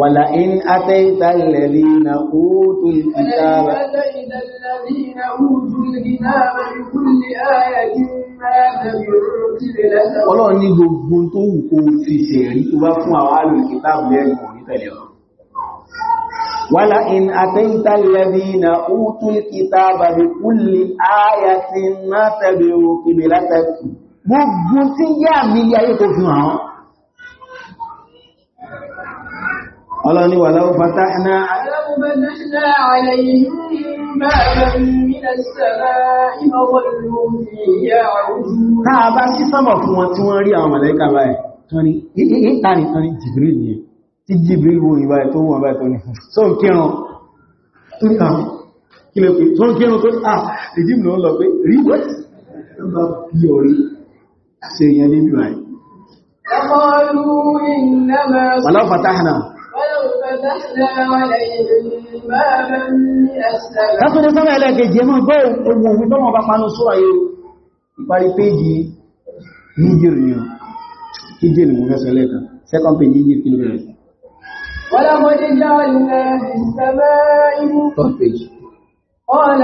Speaker 2: ولئن أتيت الذين أوتوا الكتاب
Speaker 1: ولئن الذين أوتوا الكتاب بكل آية Ọlọ́run
Speaker 2: ní gbogbo tó wù kó fi ṣe rí tó bá fún àwọn alùkítàbù lẹ́gbọ̀n nítẹ̀lẹ̀ ọ̀rọ̀. ولئن أتيت الذين أوتوا الكتاب بكل آية ما تبعوا قبلتك gbogbo tí yá mi yá yí kò fún àwọn ọlọ́ni wà láwọ́ fata iná táa bá sí sọ́mọ̀ fún wọn tí wọ́n rí àwọn mọ̀lẹ́kà tí Jibril wo ìwà ẹ̀ tó wọ́n bá ẹ̀tọ́ ní sọ́n kírun tó ní àwọn ilẹ̀ pé sọ́n kírun tó à ìdím lọ lọ pé rí wọ́n bá bí orí ṣe èèyàn níbi wà ní walaw fatahna
Speaker 1: Láfíní sọ́rọ̀ ẹlẹ́gẹ̀ẹ́jì ẹmọ́
Speaker 2: gbọ́ ogun ogun tó mọ̀ bá panú sọ́rọ̀ ayé ìparí péjì níjìrì ní ìjìrì mú mẹ́sàn lẹ́ta, second page níjìrì kìlómẹ́rẹ̀. ولقد جعلنا
Speaker 1: في السماء طفج قال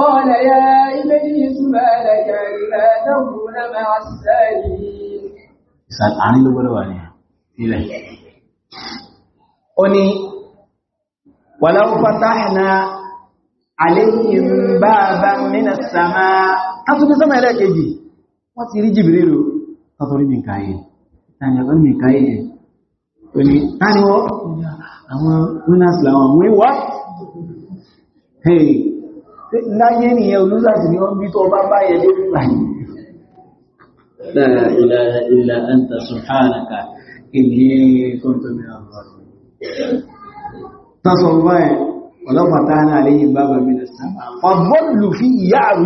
Speaker 1: قال يا إبليس ما لك ألا تكون مع السالمين
Speaker 2: سألعني لو بلو عليها إلهي أني ولو فتحنا عليهم بابا من السماء أنتم سمع لك يجي wọ́n ti rí jìbìrì rò tọ́tọ́rí mìkáyé tàbí ọgbọ́n mìkáyé ó ní táníwọ́ àwọn winners làwọn win what? hey láyé nìyẹn olúsàtì ni wọ́n bí tó bá báyẹ̀ ló pàyẹ̀ la ilaha illa anta subhanaka inni kuntu minaz zalimin tasọ̀rọ̀ báyẹ̀ ọlọ́pàá náà lẹ́yìn bábà minas sama ọgbọ́n lù fi wọ́n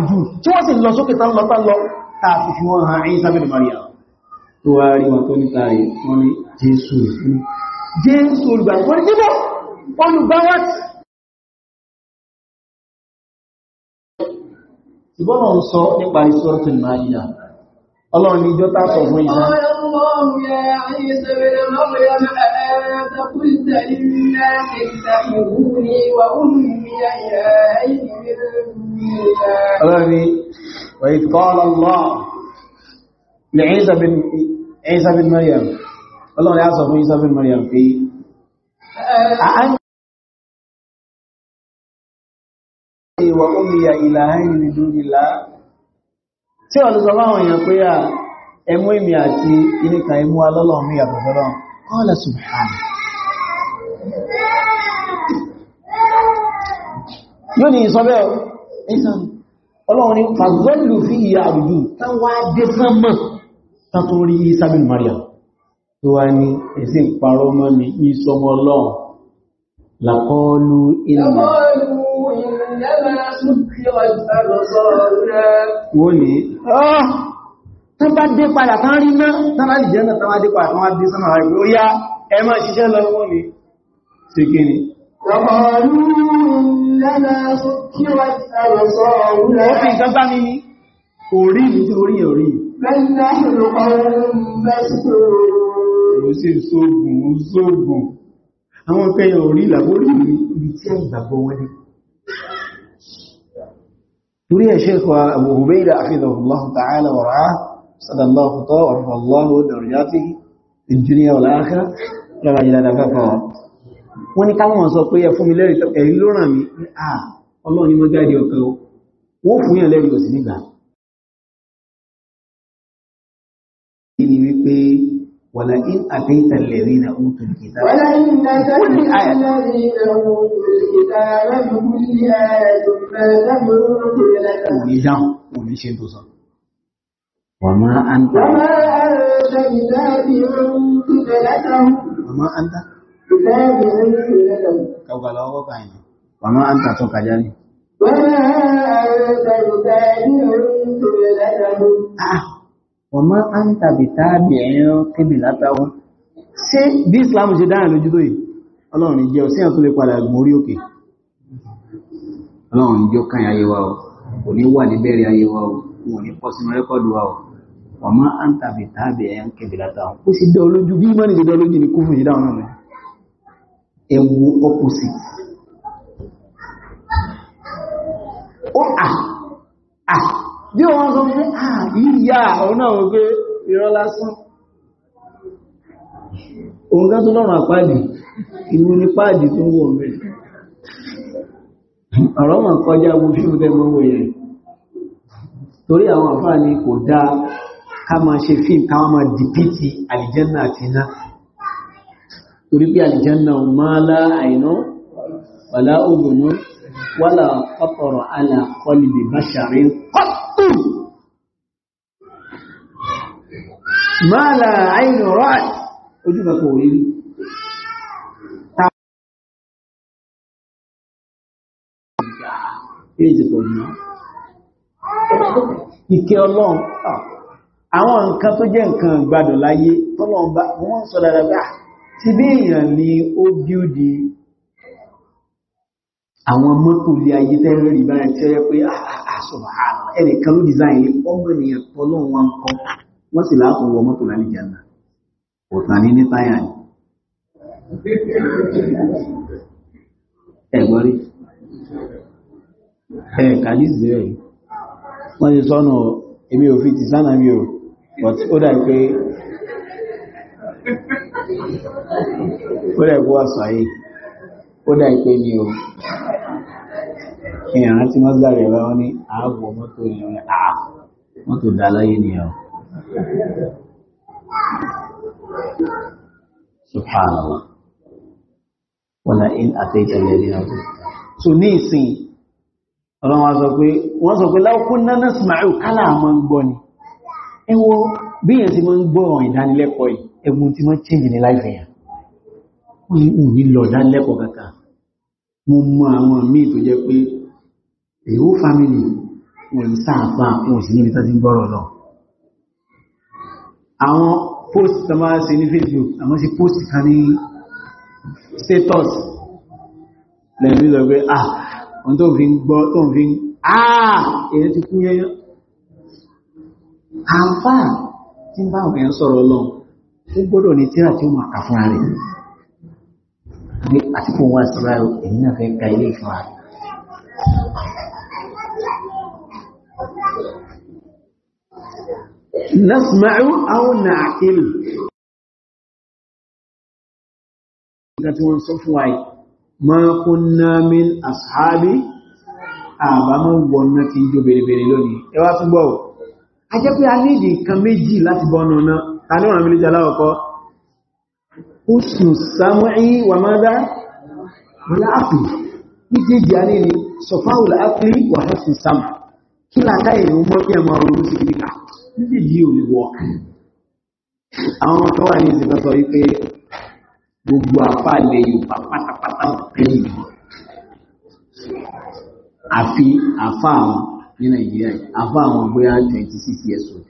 Speaker 2: sì lọ sókè
Speaker 1: tó wá rí wọn tó níta rẹ̀ wọ́n ní jésù ìfún jésù olùgbàgbọ́ nígbọ́ olùgbàwọ́ ìbọ́nà ń sọ nípa ìṣọ́tù ìmáyà ọlọ́run ní
Speaker 2: ìjọ́ta sọ fún ìjọ́ ọlọ́run ní wà ìtọ́lọ́lọ́
Speaker 1: لعيسى بن Isa bin Maryam ọlọ́run yá sọ fún Isa bin Maryam pé ìwà omiya ìlàáyìn nìdú ìlà tí ọ̀lọ́sọ báwọn èèyàn pé à
Speaker 2: ẹmú èmì àti iníkà ẹmú alọ́lọ́run ní àbọ̀sọ́lọ́run kọ́lá subhanahu yóò ní ìsọ́bẹ̀ ọlọ́run ni fàzọ́lù fi ìyà àrùjù tán wá dé sánmọ̀ tán tó rí sábìn maria tó wá ní ẹ̀sí ìparọ́ mọ́ mi ìsọmọ ọlọ́run làkọọ́lú ìlànà wọ́n ní
Speaker 1: ah! tán bá dé
Speaker 2: padà tán rí mọ́ tán bá jẹ́ náà tán bá dé padà tán wá dé sánà rẹ̀ ó yá ṣiṣẹ́ lọ wọ́n ní kí ni
Speaker 1: Ọmọlú lẹ́nà kí wọ́n ti sọ̀rọ̀ sọ̀rọ̀ rẹ̀. Ó fi ìjọba
Speaker 2: ní, kò rí orí orí Àwọn kẹyàn orí ìlàbórí ibi tí a ìgbàgbọ́ wọlé. Torí ẹ̀ ṣe kọ Abu Hurairah àfihàn ta'ala wa ra'a, sallallahu ta wa rahmallahu da riyati, ìjìniyà wà láàká, rárá ìlànà kàkọ́.
Speaker 1: Wọ́n ni káwọn sọ pé ẹ fún mi lẹ́rìí wàlá in àtẹ́ta lèrí na òtù ìta òní
Speaker 2: dáhùn òní ṣe tó sọ wàmá an ta wàmá an ta kàgbàlọ́wọ́ báyìí wàmá an ta tó kàjá ni
Speaker 1: wàmá an ta
Speaker 2: wọ̀mọ́ áńtàbì táàbì ẹ̀yàn kébì látàwọn ṣe bí islam ṣe dáyà lójú tó yìí ọlọ́run jẹ́ ọ̀sí àtúlé padà gborí òkè ọlọ́run jọ káyà ayé wa ò ní wà ní bẹ̀rẹ̀ ayé wa ò ní pọ́ sínú rẹ́kọ́dù wa wọ̀mọ́ áńtàbì táàbì ẹ̀yàn kébì látàwọn ó sì dẹ́ olójú bí mọ́ni ṣe dẹ́ olójú ní kúfù
Speaker 1: bí wọ́n sọ pé àìyà ọ̀nà ògbé
Speaker 2: irọ́ lásán òun gá tó lọ́rùn àpáàdì ìwú ní páàdì tó wọ̀ mẹ́ ọ̀rọ̀ wọn kọjá gbogbo tẹ́gbogbo yẹn torí àwọn àfáà ni kò dá ká máa ṣe fíìmù ká máa dìpítì àlìjẹ́nà àti iná torí pé àlìjẹ́nà máa láàìná wàlá ògùnmú wàlá ọ̀pọ̀rọ̀ alàkọlì bàṣàrí kọ́
Speaker 1: máa là àìnà rọ́t ojú kẹkọ̀ orí ìkẹ́ ọlọ́run ah. àwọn nǹkan
Speaker 2: tó jẹ́ nǹkan gbádùn láyé tọ́lọ́run bá wọ́n sọ dáadáa ah, ti bí èèyàn ni ó bíúdi àwọn mọ́tò lé ayé tẹ́rẹ rí báyẹ̀ tẹ́rẹ pé àṣọ̀bà ah, ẹnìkan ló dìzáìn ọmọ ènìyàn tọ́lọ́run wọn kọ́ wọ́n sì láàpọ̀ wọ mọ́tò lálejò àná ọ̀tàn ní ní táyà ni. ẹ̀gbọ́n rí ẹ̀ kàdí zero wọ́n ti sọ́nà èmi ò fi ti sánà mi ò but ó dà pé ó dà pé wà sọ ayé ó dà pé ni o ìrìn àti mọ́sálà rẹ̀ bá ní ààbò mọ́tò ìrìn àà
Speaker 1: mọ́tò dá láyé nìyẹn o. Subhanallah. Wọ́n na in àti ìjẹ̀lẹ̀ ní àwọn
Speaker 2: tó ní ìsìn ọlọ́wọ́n sọ pé wọ́n sọ pé láwọ́kún náà Ismail kálà mọ́ ń gbọ́ ni. Ẹ wo bí yẹn ti mọ́ ń gbọ́ ìdánilẹ́kọ̀ọ́ yìí, ẹgbùn ti mọ́ change ní life yẹn. Wọ́n ní lọ ìdánilẹ́kọ̀ọ́ àwọn post tó máa ṣe ní facebook àwọn sí post kan ní status lẹ́yìn lọ pé ah ohun tó fi ń gbọ́ tó fi ń ah èyí ti kú yẹyán àǹfàà tí ń bá àwọn èèyàn sọ̀rọ̀ ọlọ́run ó gbọ́dọ̀ ní tíra tí ó máa kà fúnra rẹ̀ àti kó wá sí ra náà fẹ́ ka ilé ìfúnra
Speaker 1: nasma'u أو نعقل. gati wọn sọ fún wáyé ma kunna min ashabi àbámọ́
Speaker 2: gbọ́nà ti jó bèrèbèrè lónìí ẹwà tún gbọ́ a jẹ́ pé a ní ìdí nǹkan méjì láti bọ́nà náà ta ní ọ̀nà méjì aláwọ̀kọ́ husnul sam'i wà máa dá láàpù méjèèjì a ní ni sọfáwùl ápùlì wà husnul sam'i kí látàrí níbi yìí ò lè wọ́k àwọn ọmọ tó wà ní ìsìnkọ́ sọ wípé gbogbo apá ilẹ̀ Yorùbá pátápátá kẹ́yìn àfi àfá àwọn ní Nàìjíríà àfá àwọn bóyá 26 years old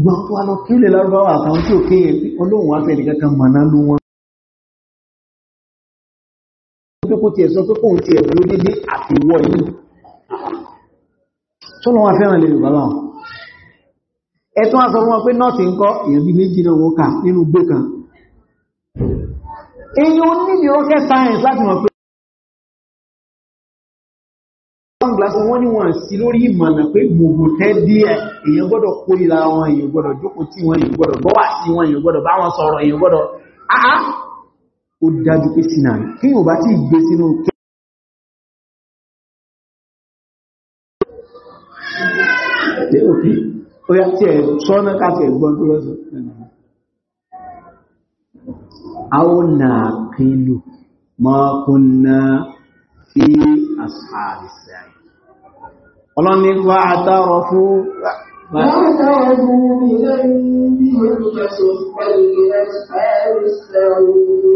Speaker 1: gbogbo àpò alọ́kílẹ̀ lárúbáwà àtàwọn tí ò kéyẹ ọlọ́run wá fẹ́ nìkan kan mọ̀ná ló wọn pé kó tiẹ̀ sọ pé kóun tiẹ̀ ló dédé àfiwọ́ yìí tó lọ wọn fẹ́ràn lè bàbá wọn ẹ̀tún àsọ wọn pé nọ́ọ̀tì ń kọ́ èyàn bí méjì náà wọ́n kà nínú gbé kan èyàn níbi rocket science láti mọ̀ pé wọ́n gbásí wọ́n ní wọ́n sí lórí ìmọ̀nà pé gbogbo tẹ́ díẹ̀ èyàn gbọ́dọ̀ kórìíra
Speaker 2: wọn èyàn gbọ́dọ̀ jókòó tí wọn èyàn gbọ́dọ̀ bọ́wà sí wọn èyàn gbọ́dọ̀ bá wọn sọ̀rọ̀ èyàn gbọ́dọ̀
Speaker 1: áá ó dájú pé sínà kí yóò bá tí ìgbé sínú ó yá tí ẹ̀ sọ́nà na ẹ̀gbọ́n tó rẹ̀ sọ
Speaker 2: auna kílù mọ́kúnná fi àṣàrìsẹ̀ ọlọ́ni wá àtàrọ fún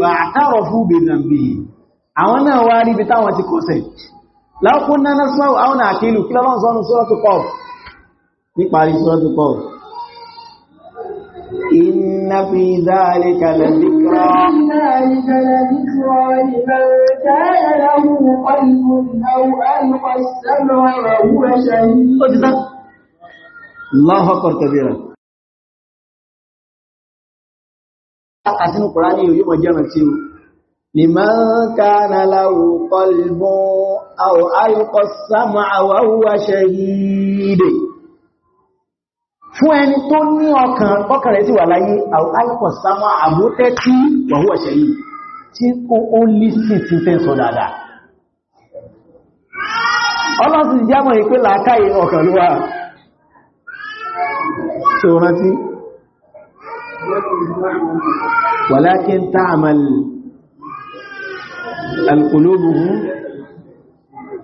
Speaker 2: Fàtàrọ̀ fún bèèrè àwọn náà wá rí bí táwọn ti kọ́sẹ̀. Láàkún náà náà sọ́wọ́ àwọn kí tó níparí sọ́tù pọ̀. Inna fi dhalika la
Speaker 1: dhikra. Ó ti tán. Allahu akbar kabira. Àtínú Kùránì yóò mọ̀ jẹ́ mẹ́tí o. Liman kana lahu qalbun aw
Speaker 2: alqa as-sam'a wa huwa shahid fún ẹni tó ní ọkàn ọkàrẹ̀ sí wà láyé alkọ̀sámọ́ àbótẹ́ tí wọ̀hú ọ̀ṣẹ̀ yìí tí ó lè sí ti fẹ́ sọ dáadáa ọlọ́sì jámọ̀ ìpé làákàyè ọkàn ló wà tí ó rántí walakin ta'mal alqulubuhum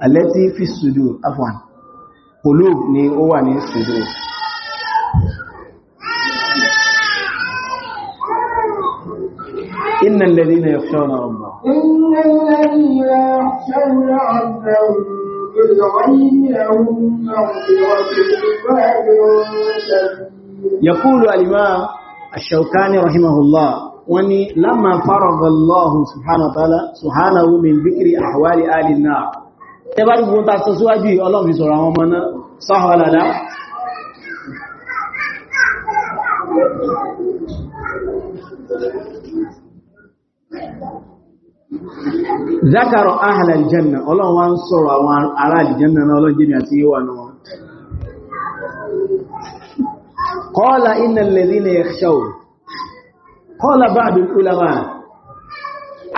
Speaker 2: allati fi sudur afwan qulub ni ó wà ní sudur إن الذين يخشون ربهم
Speaker 1: إن الذين يخشون ربهم لهم يقول
Speaker 2: الإمام الشوكاني رحمه الله وني لما فرض الله سبحانه وتعالى سبحانه من ذكر أحوال آل النار تبالي بمتا سسواجي الله في سورة ومنا صح ولا لا Zakaro ahàlà ìjẹ́nà, ọlọ́run wá ń sọ̀rọ̀ àwọn ará ìjẹ́nà náà ọlọ́jẹ́ ni àti yíwà náà. Kọ́ọ̀lá iná lèrí na ẹ̀ṣọ́. Kọ́ọ̀lá bá àdùn ulama,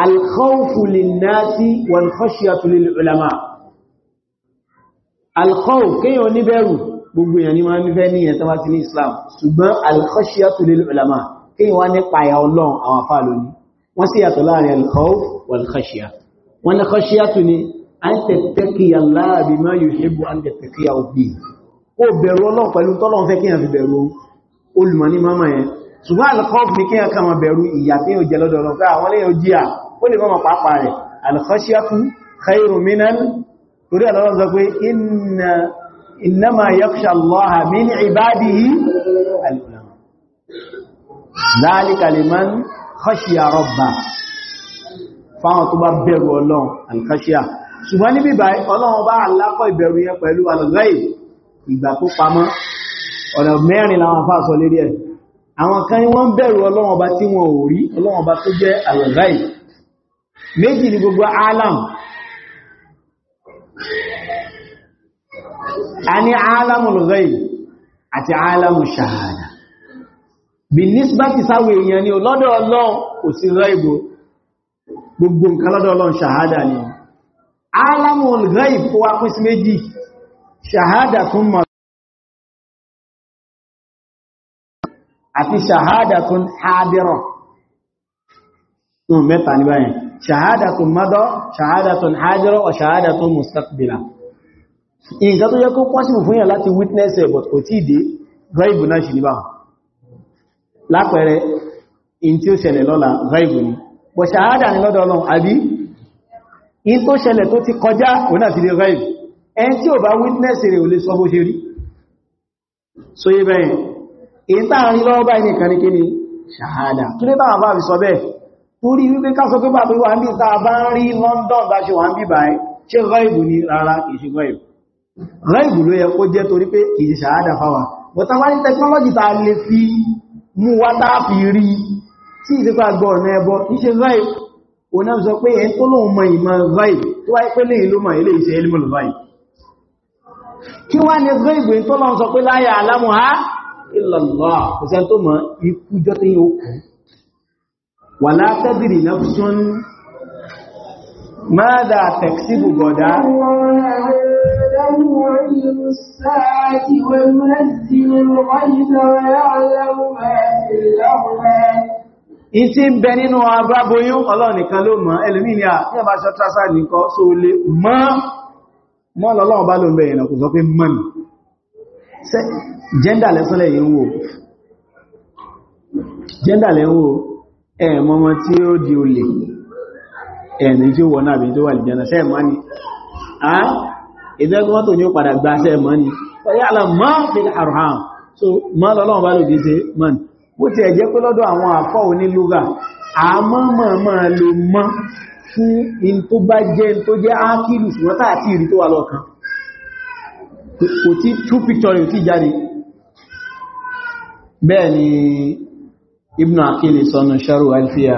Speaker 2: alkhọ́fù lè náà sí wọn kọ́ṣíyàtù lè ulama. Alkhọ́fù kéyàn ní bẹ̀rù gbogbo èèyàn ni máa wọ́n sì yàtọ̀ láàrin al-khawf wal-khashya wọ́n ní khashya tó ní an tattaqiya Allah bima yuhibbu an tattaqiya òbí ó bẹ̀rù ọlọ́run pẹ̀lú tọ́lọ́run fẹ́ kíyàn fi bẹ̀rù olùmọ̀ ní máma yẹn ṣùgbọ́n al-khawf ní kíyàn kama bẹ̀rù ìyà tí yóò jẹ lọ́dọ̀ ọlọ́run pé àwọn lẹ́yìn ojí à ó lè khashiya rabba fáwọn tó bá bẹ̀rù ọlọ́run alkhashiya ṣùgbọ́n níbi báyìí ọlọ́run bá alákọ̀ ìbẹ̀rù yẹn pẹ̀lú alọ́gáì ìgbà tó pamọ́ ọ̀nà mẹ́rin làwọn afá sọ lérí ẹ̀ àwọn kan wọ́n bẹ̀rù ọlọ́run ọba tí wọn ò rí bí nísbàtí sáwọ èèyàn ni lọ́dọ̀ ọlọ́run kò sí rẹ́ìbò
Speaker 1: gbogbo nǹkan lọ́dọ̀ ọlọ́run ṣàhádà ni alamul ghaib kó wá pín sí méjì ṣàhádà tún mọ̀ àti ṣàhádà tún hádìrọ̀ tún
Speaker 2: mẹ́ta ní báyìí ṣàhádà tún mọ́dọ̀ ṣàhádà tún hádìrọ̀ wa ṣàhádà tún mustaqbila nǹkan tó yẹ kó pọ́sìmù fún yàn láti witness ẹ̀ kò tí ìdé ghaib náà ṣì ní lápẹẹrẹ in tí ó ṣẹlẹ̀ lọ́la raibu ni bọ̀ ṣàhádà ni lọ́dọ̀ ọlọ́run àbí in tó ṣẹlẹ̀ tó ti kọjá òun náà ti di raibu ẹn tí ò bá witness rẹ̀ ò lè sọ bó ṣe rí so yé bẹ́yìn in London bá ṣe wà ń bí báyìí ṣe raibu ni rárá kì í ṣe raibu raibu ló yẹ kó jẹ́ torí pé kì í fáwà bọ̀tá wá ní technology ta lè fi mú wá táàfì rí tí ìsẹ́fà gbọ́ ọ̀nà ẹbọ iṣẹ́ vibe o náà sọ pé ẹn tó lóun mọ ìmọ̀ vibe tó wáyé pé léyìn ló mọ̀ ilé iṣẹ́ elimul vibe kí wá ní vibe tó lọ́n sọ pé láyà alámùhá ماذا تكسب غدا
Speaker 1: علم الساعة وينزل الغيث ويعلم ما في الأرحام
Speaker 2: ìtí ń bẹ nínú agbáboyún ọlọ́run nìkan ló mọ̀ ẹlùmí ni a ní ọba aṣọ trásà nìkan só lè mọ́ mọ́ lọ́lọ́run bá ló ń bẹ̀rẹ̀ ìrìnàkù sọ pé mọ́ mi jẹ́ndà lẹ́sọ́lẹ̀ yìí ń wò jẹ́ndà lẹ́ ń wò ẹ̀mọ́mọ́ tí ó di olè ẹni tí ó wọ́n náà bí tó wà lìjẹ́nà sẹ́ mọ́ ni ìdẹ́gbọ́n tó ní ó padà gba sẹ́ mọ́ ni yàlá mọ́ fi àrùhàn so mọ́ lọ́lọ́wọ́ bá lòdí sí mọ́ ni bó ti ẹ̀jẹ́ pé lọ́dọ̀ àwọn àfọ́ onílúgà àmọ́ mọ́ in tó bá jẹ́ tó jẹ́ ákìlù ṣùgbọ́n tá àti ìrí tó wà lọ́kàn kò tí true picture rẹ̀ ò tí jáde bẹ́ẹ̀ ni ibn akili sọ́nà sharu alfiya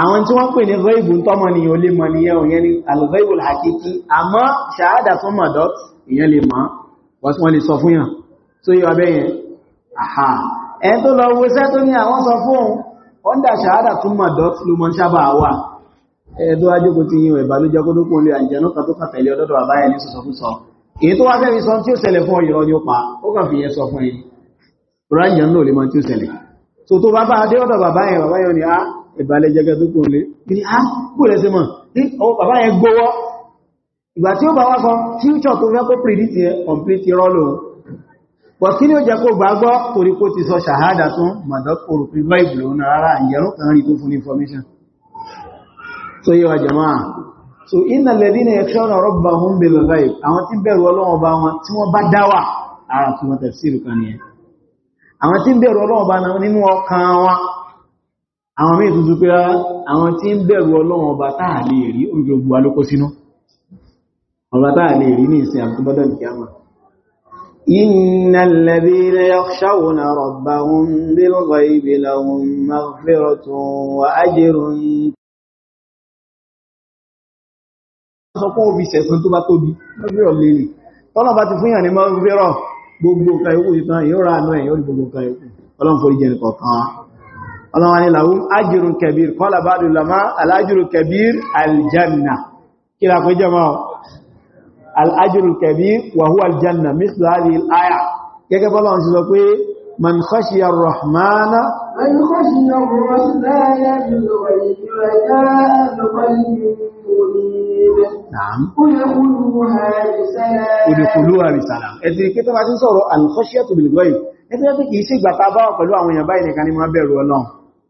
Speaker 2: àwọn tí wọ́n pè ní ghaibu tọ́mọ ni yóò lè mọ̀ ní yẹ́ òyìn ni al-ghaibu al-hakiki àmọ́ ṣàádà tó mọ̀ dọ́ ìyẹn lè mọ̀ wọ́n tí wọ́n lè sọ fún yàn tó yíwa bẹ́yẹn àhà ẹn tó lọ wọ́sẹ́ tó ní àwọn sọ fún ọ́ndà ṣàádà tó mọ̀ dọ́ ló mọ́ sábà wà ẹ̀dọ́ ajókò ti yíwẹ̀ ìbàlújẹ́ kó lókun lè so tó bá bá adé ọ̀dọ̀ bàbá yẹn bàbá ìbálẹ̀ jẹ́gẹ́ tó kò lè ní a kò lè sí mọ̀ ní ọwọ́ bàbá yẹn gbówọ́ ìgbà tí ó bá wá sọ future tó fẹ́ kó predict yẹn complete rọ́lò pọ̀ kí ní ó jẹ́ kó gbàgbọ́ torí kó ti sọ ṣàhádà tún mọ̀dọ́kòrò information so yíwa jama'a so inna alladhina yakhshawna rabbahum bil ghaib àwọn tí bẹ̀rù Ọlọ́run bá wọn tí wọ́n bá nínú ọkàn wọn àwọn mí tuntun pé àwọn tí ń bẹ̀rù ọlọ́run ọba táà lè rí oúnjẹ ogun alókó sínú ọba táà lè rí ní ìsìn àkúbọ́dọ̀ ní kíyàmà innal ladhina yakhshawna rabbahum
Speaker 1: bil ghaibi lahum maghfiratun wa ajrun
Speaker 2: ọlọ́run forí jẹ́ ọlọ́wà ní lahum ajrun kabir qala ba'du ulama al-ajru kabir aljanna kí la kó jẹmọ́ al-ajru kabir wa huwa aljanna mithlu hadhihi al-aya gẹ́gẹ́ bọ́lá wọn sì sọ pé man khashiya
Speaker 1: ar-rahmana
Speaker 2: man khashiya ar-rahmana
Speaker 1: Odùkùlúwà
Speaker 2: rìsàlà. Ẹ̀tì kí tó bá ti sọ̀rọ̀ al-khashiyatu bil-ghayb. Ẹgbẹ́ tó kìí sí ìgbàta bá pẹ̀lú àwọn èèyàn báyìí nìkan ni máa bẹ̀rù Ọlọ́run.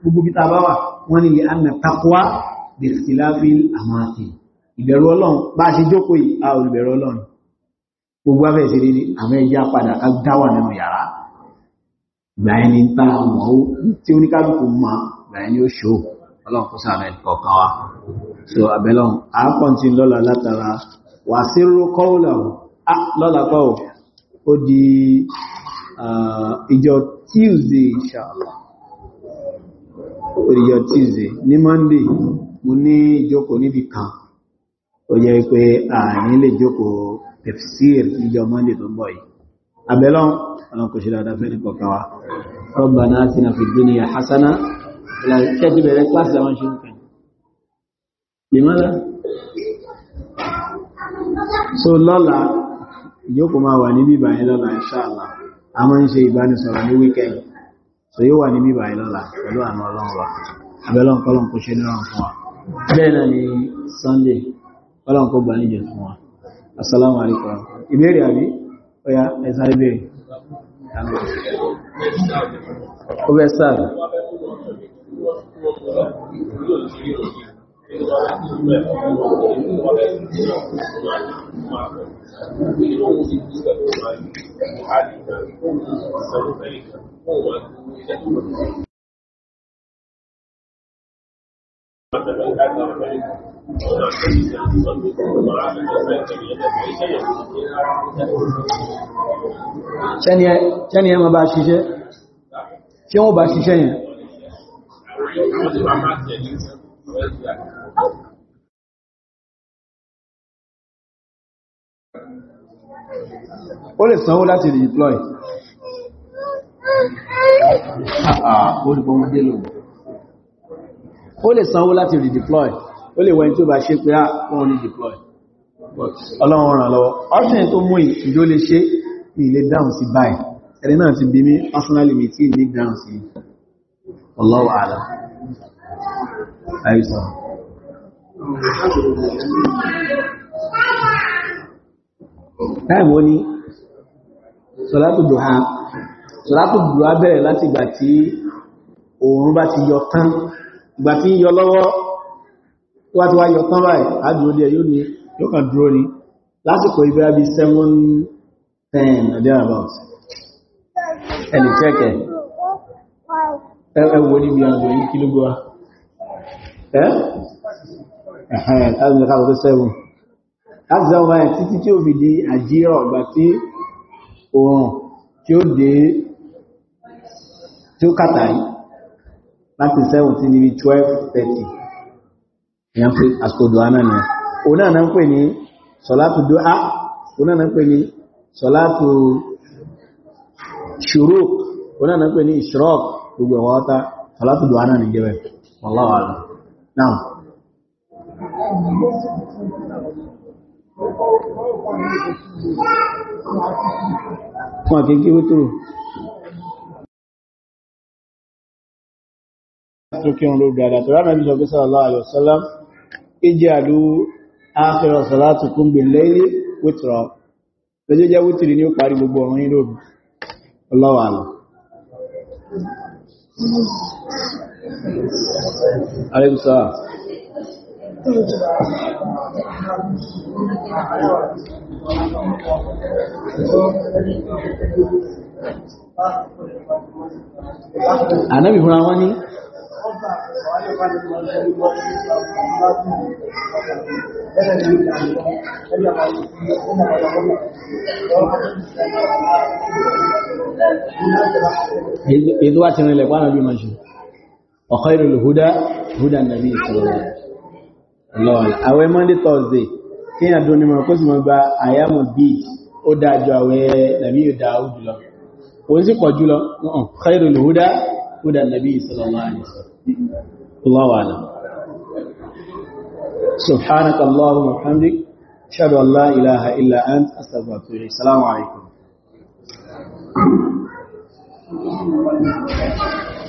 Speaker 2: gbogbo bí tàbá wà wọ́n ni lè anà takwa bí ìsìláfí àmáàtì ìbẹ̀rù ọlọ́run bá ṣe jókòó yìí a olùbẹ̀rù ọlọ́run gbogbo abẹ́ sí rí àmọ́ ẹjá padà ká dáwà nínú yàrá ìgbà wa so abẹ́lọ́run a kàn ti lọ́la látara wà sí rú kọ́wùlà lọ́la kọ́wù ó di ah, ìjọ Tuesday inshallah òdìjọ́ Tuesday ní Monday mo ní ìjókòó níbi kan ó jẹ́ pé ààyìn lè jókòó tafsir níjọ́ Monday tó ń bọ̀ yìí abẹ́lọ́n ọ̀nà kò ṣe dáadáa fẹ́ni kọ̀ọ̀kan wa Rabbana atina fid dunya hasana ṣẹ́ti bẹ̀rẹ̀ kíláàsì àwọn ṣe ń kàn so lọ́la ìjókòó máa wà níbi ìbàyẹn lọ́la insha Allah a máa ń ṣe ìbánisọ̀rọ̀ so yóò wà ní bíbà ìlọ́la pẹ̀lú àmì ọlọ́run wa abẹ́lọ́n kọ́lọ́n kó ṣe níràn fún wa bẹ́ẹ̀ ni sunday kọ́lọ́n kó gbà níjẹ̀ fún wa assalamu alaikum ìbéèrè àbí ọya ẹ̀sà ìbéèrè ó
Speaker 1: 江宁，江宁，我把提现，千五百提现。Ah, ah, ó lè sanwó láti redeploy
Speaker 2: ó lè sanwó láti redeploy ó lè wọ́n tí ó bá ṣe pé ah, wọ́n ní deploy ọlọ́run ràn lọ́wọ́ ọ́ṣìn tó mú ìjó lè ṣe ní ilé dáhùn sí báyìí ẹni náà ti bí mí personal meeting ní dáhùn sí ọlọ́wọ́ ààrẹ táìmù ó ní sọ́látù dùhá sọ́látù dùhá bẹ̀rẹ̀ láti ìgbà tí oòrùn bá ti yọ tán ìgbà tí yọ lọ́wọ́ wá ti wá yọ tán báyìí àdúró díẹ̀ yóò ní yóò kàn dúró ní lásìkò ìbẹ̀rẹ̀ bí 7:10 or thereabout ẹ̀hẹ́n ẹ̀kọ́ sẹ́wọ̀n láti sẹ́wọ̀n báyìí títí tí ó fi di àjírọ̀ ọ̀gbà tí oòrùn tí ó dé tí ó kàtàrí láti sẹ́wọ̀n tí níbi 12:30 èyàn pé àsìkòdò aná ni òun náà ń pè ní sọ̀látù dúá òun náà ń pè ní sọ̀látù ṣùrúk òun náà ń pè ní ìṣrọ́k gbogbo ọ̀wọ́ta sọ̀látù dúá náà ni jẹ́ bẹ̀ wọ́láwà náà
Speaker 1: Wọ́n kí kí wítìrì. Tó kí wọn ló gbàdà tó ránà ìjọ gbésà Allah àyọ̀sọ́lá, ìjẹ́ àdú
Speaker 2: áfẹ́rọ̀ sàlátù kún gbè lẹ́yìn wítìrọ̀. Lójú jẹ́ wítìrì ní ó parí gbogbo ọ̀run yìí
Speaker 1: ànábì fúnra wọn ní
Speaker 2: èyí tó wá ti rìnlẹ̀ pánà bí ma ṣe ọ̀kọ̀ ìrìnlẹ̀ húdá húdá nàbí ìsọ̀rọ̀ lọ́la àwẹ̀ monday thursday kéèyàn dún ní mọ̀ kó sì mọ̀ gba àyàmọ̀ bíi ó dáa ju àwẹ̀ nàbí yóò dáa ó jùlọ òun sì pọ̀ jùlọ ọ̀hún khairul huda huda nàbí sallallahu alaihi
Speaker 1: wasallam
Speaker 2: subhanaka allahumma wa hamdik ashhadu an la ilaha illa ant astaghfiruka assalamu alaikum Thank you.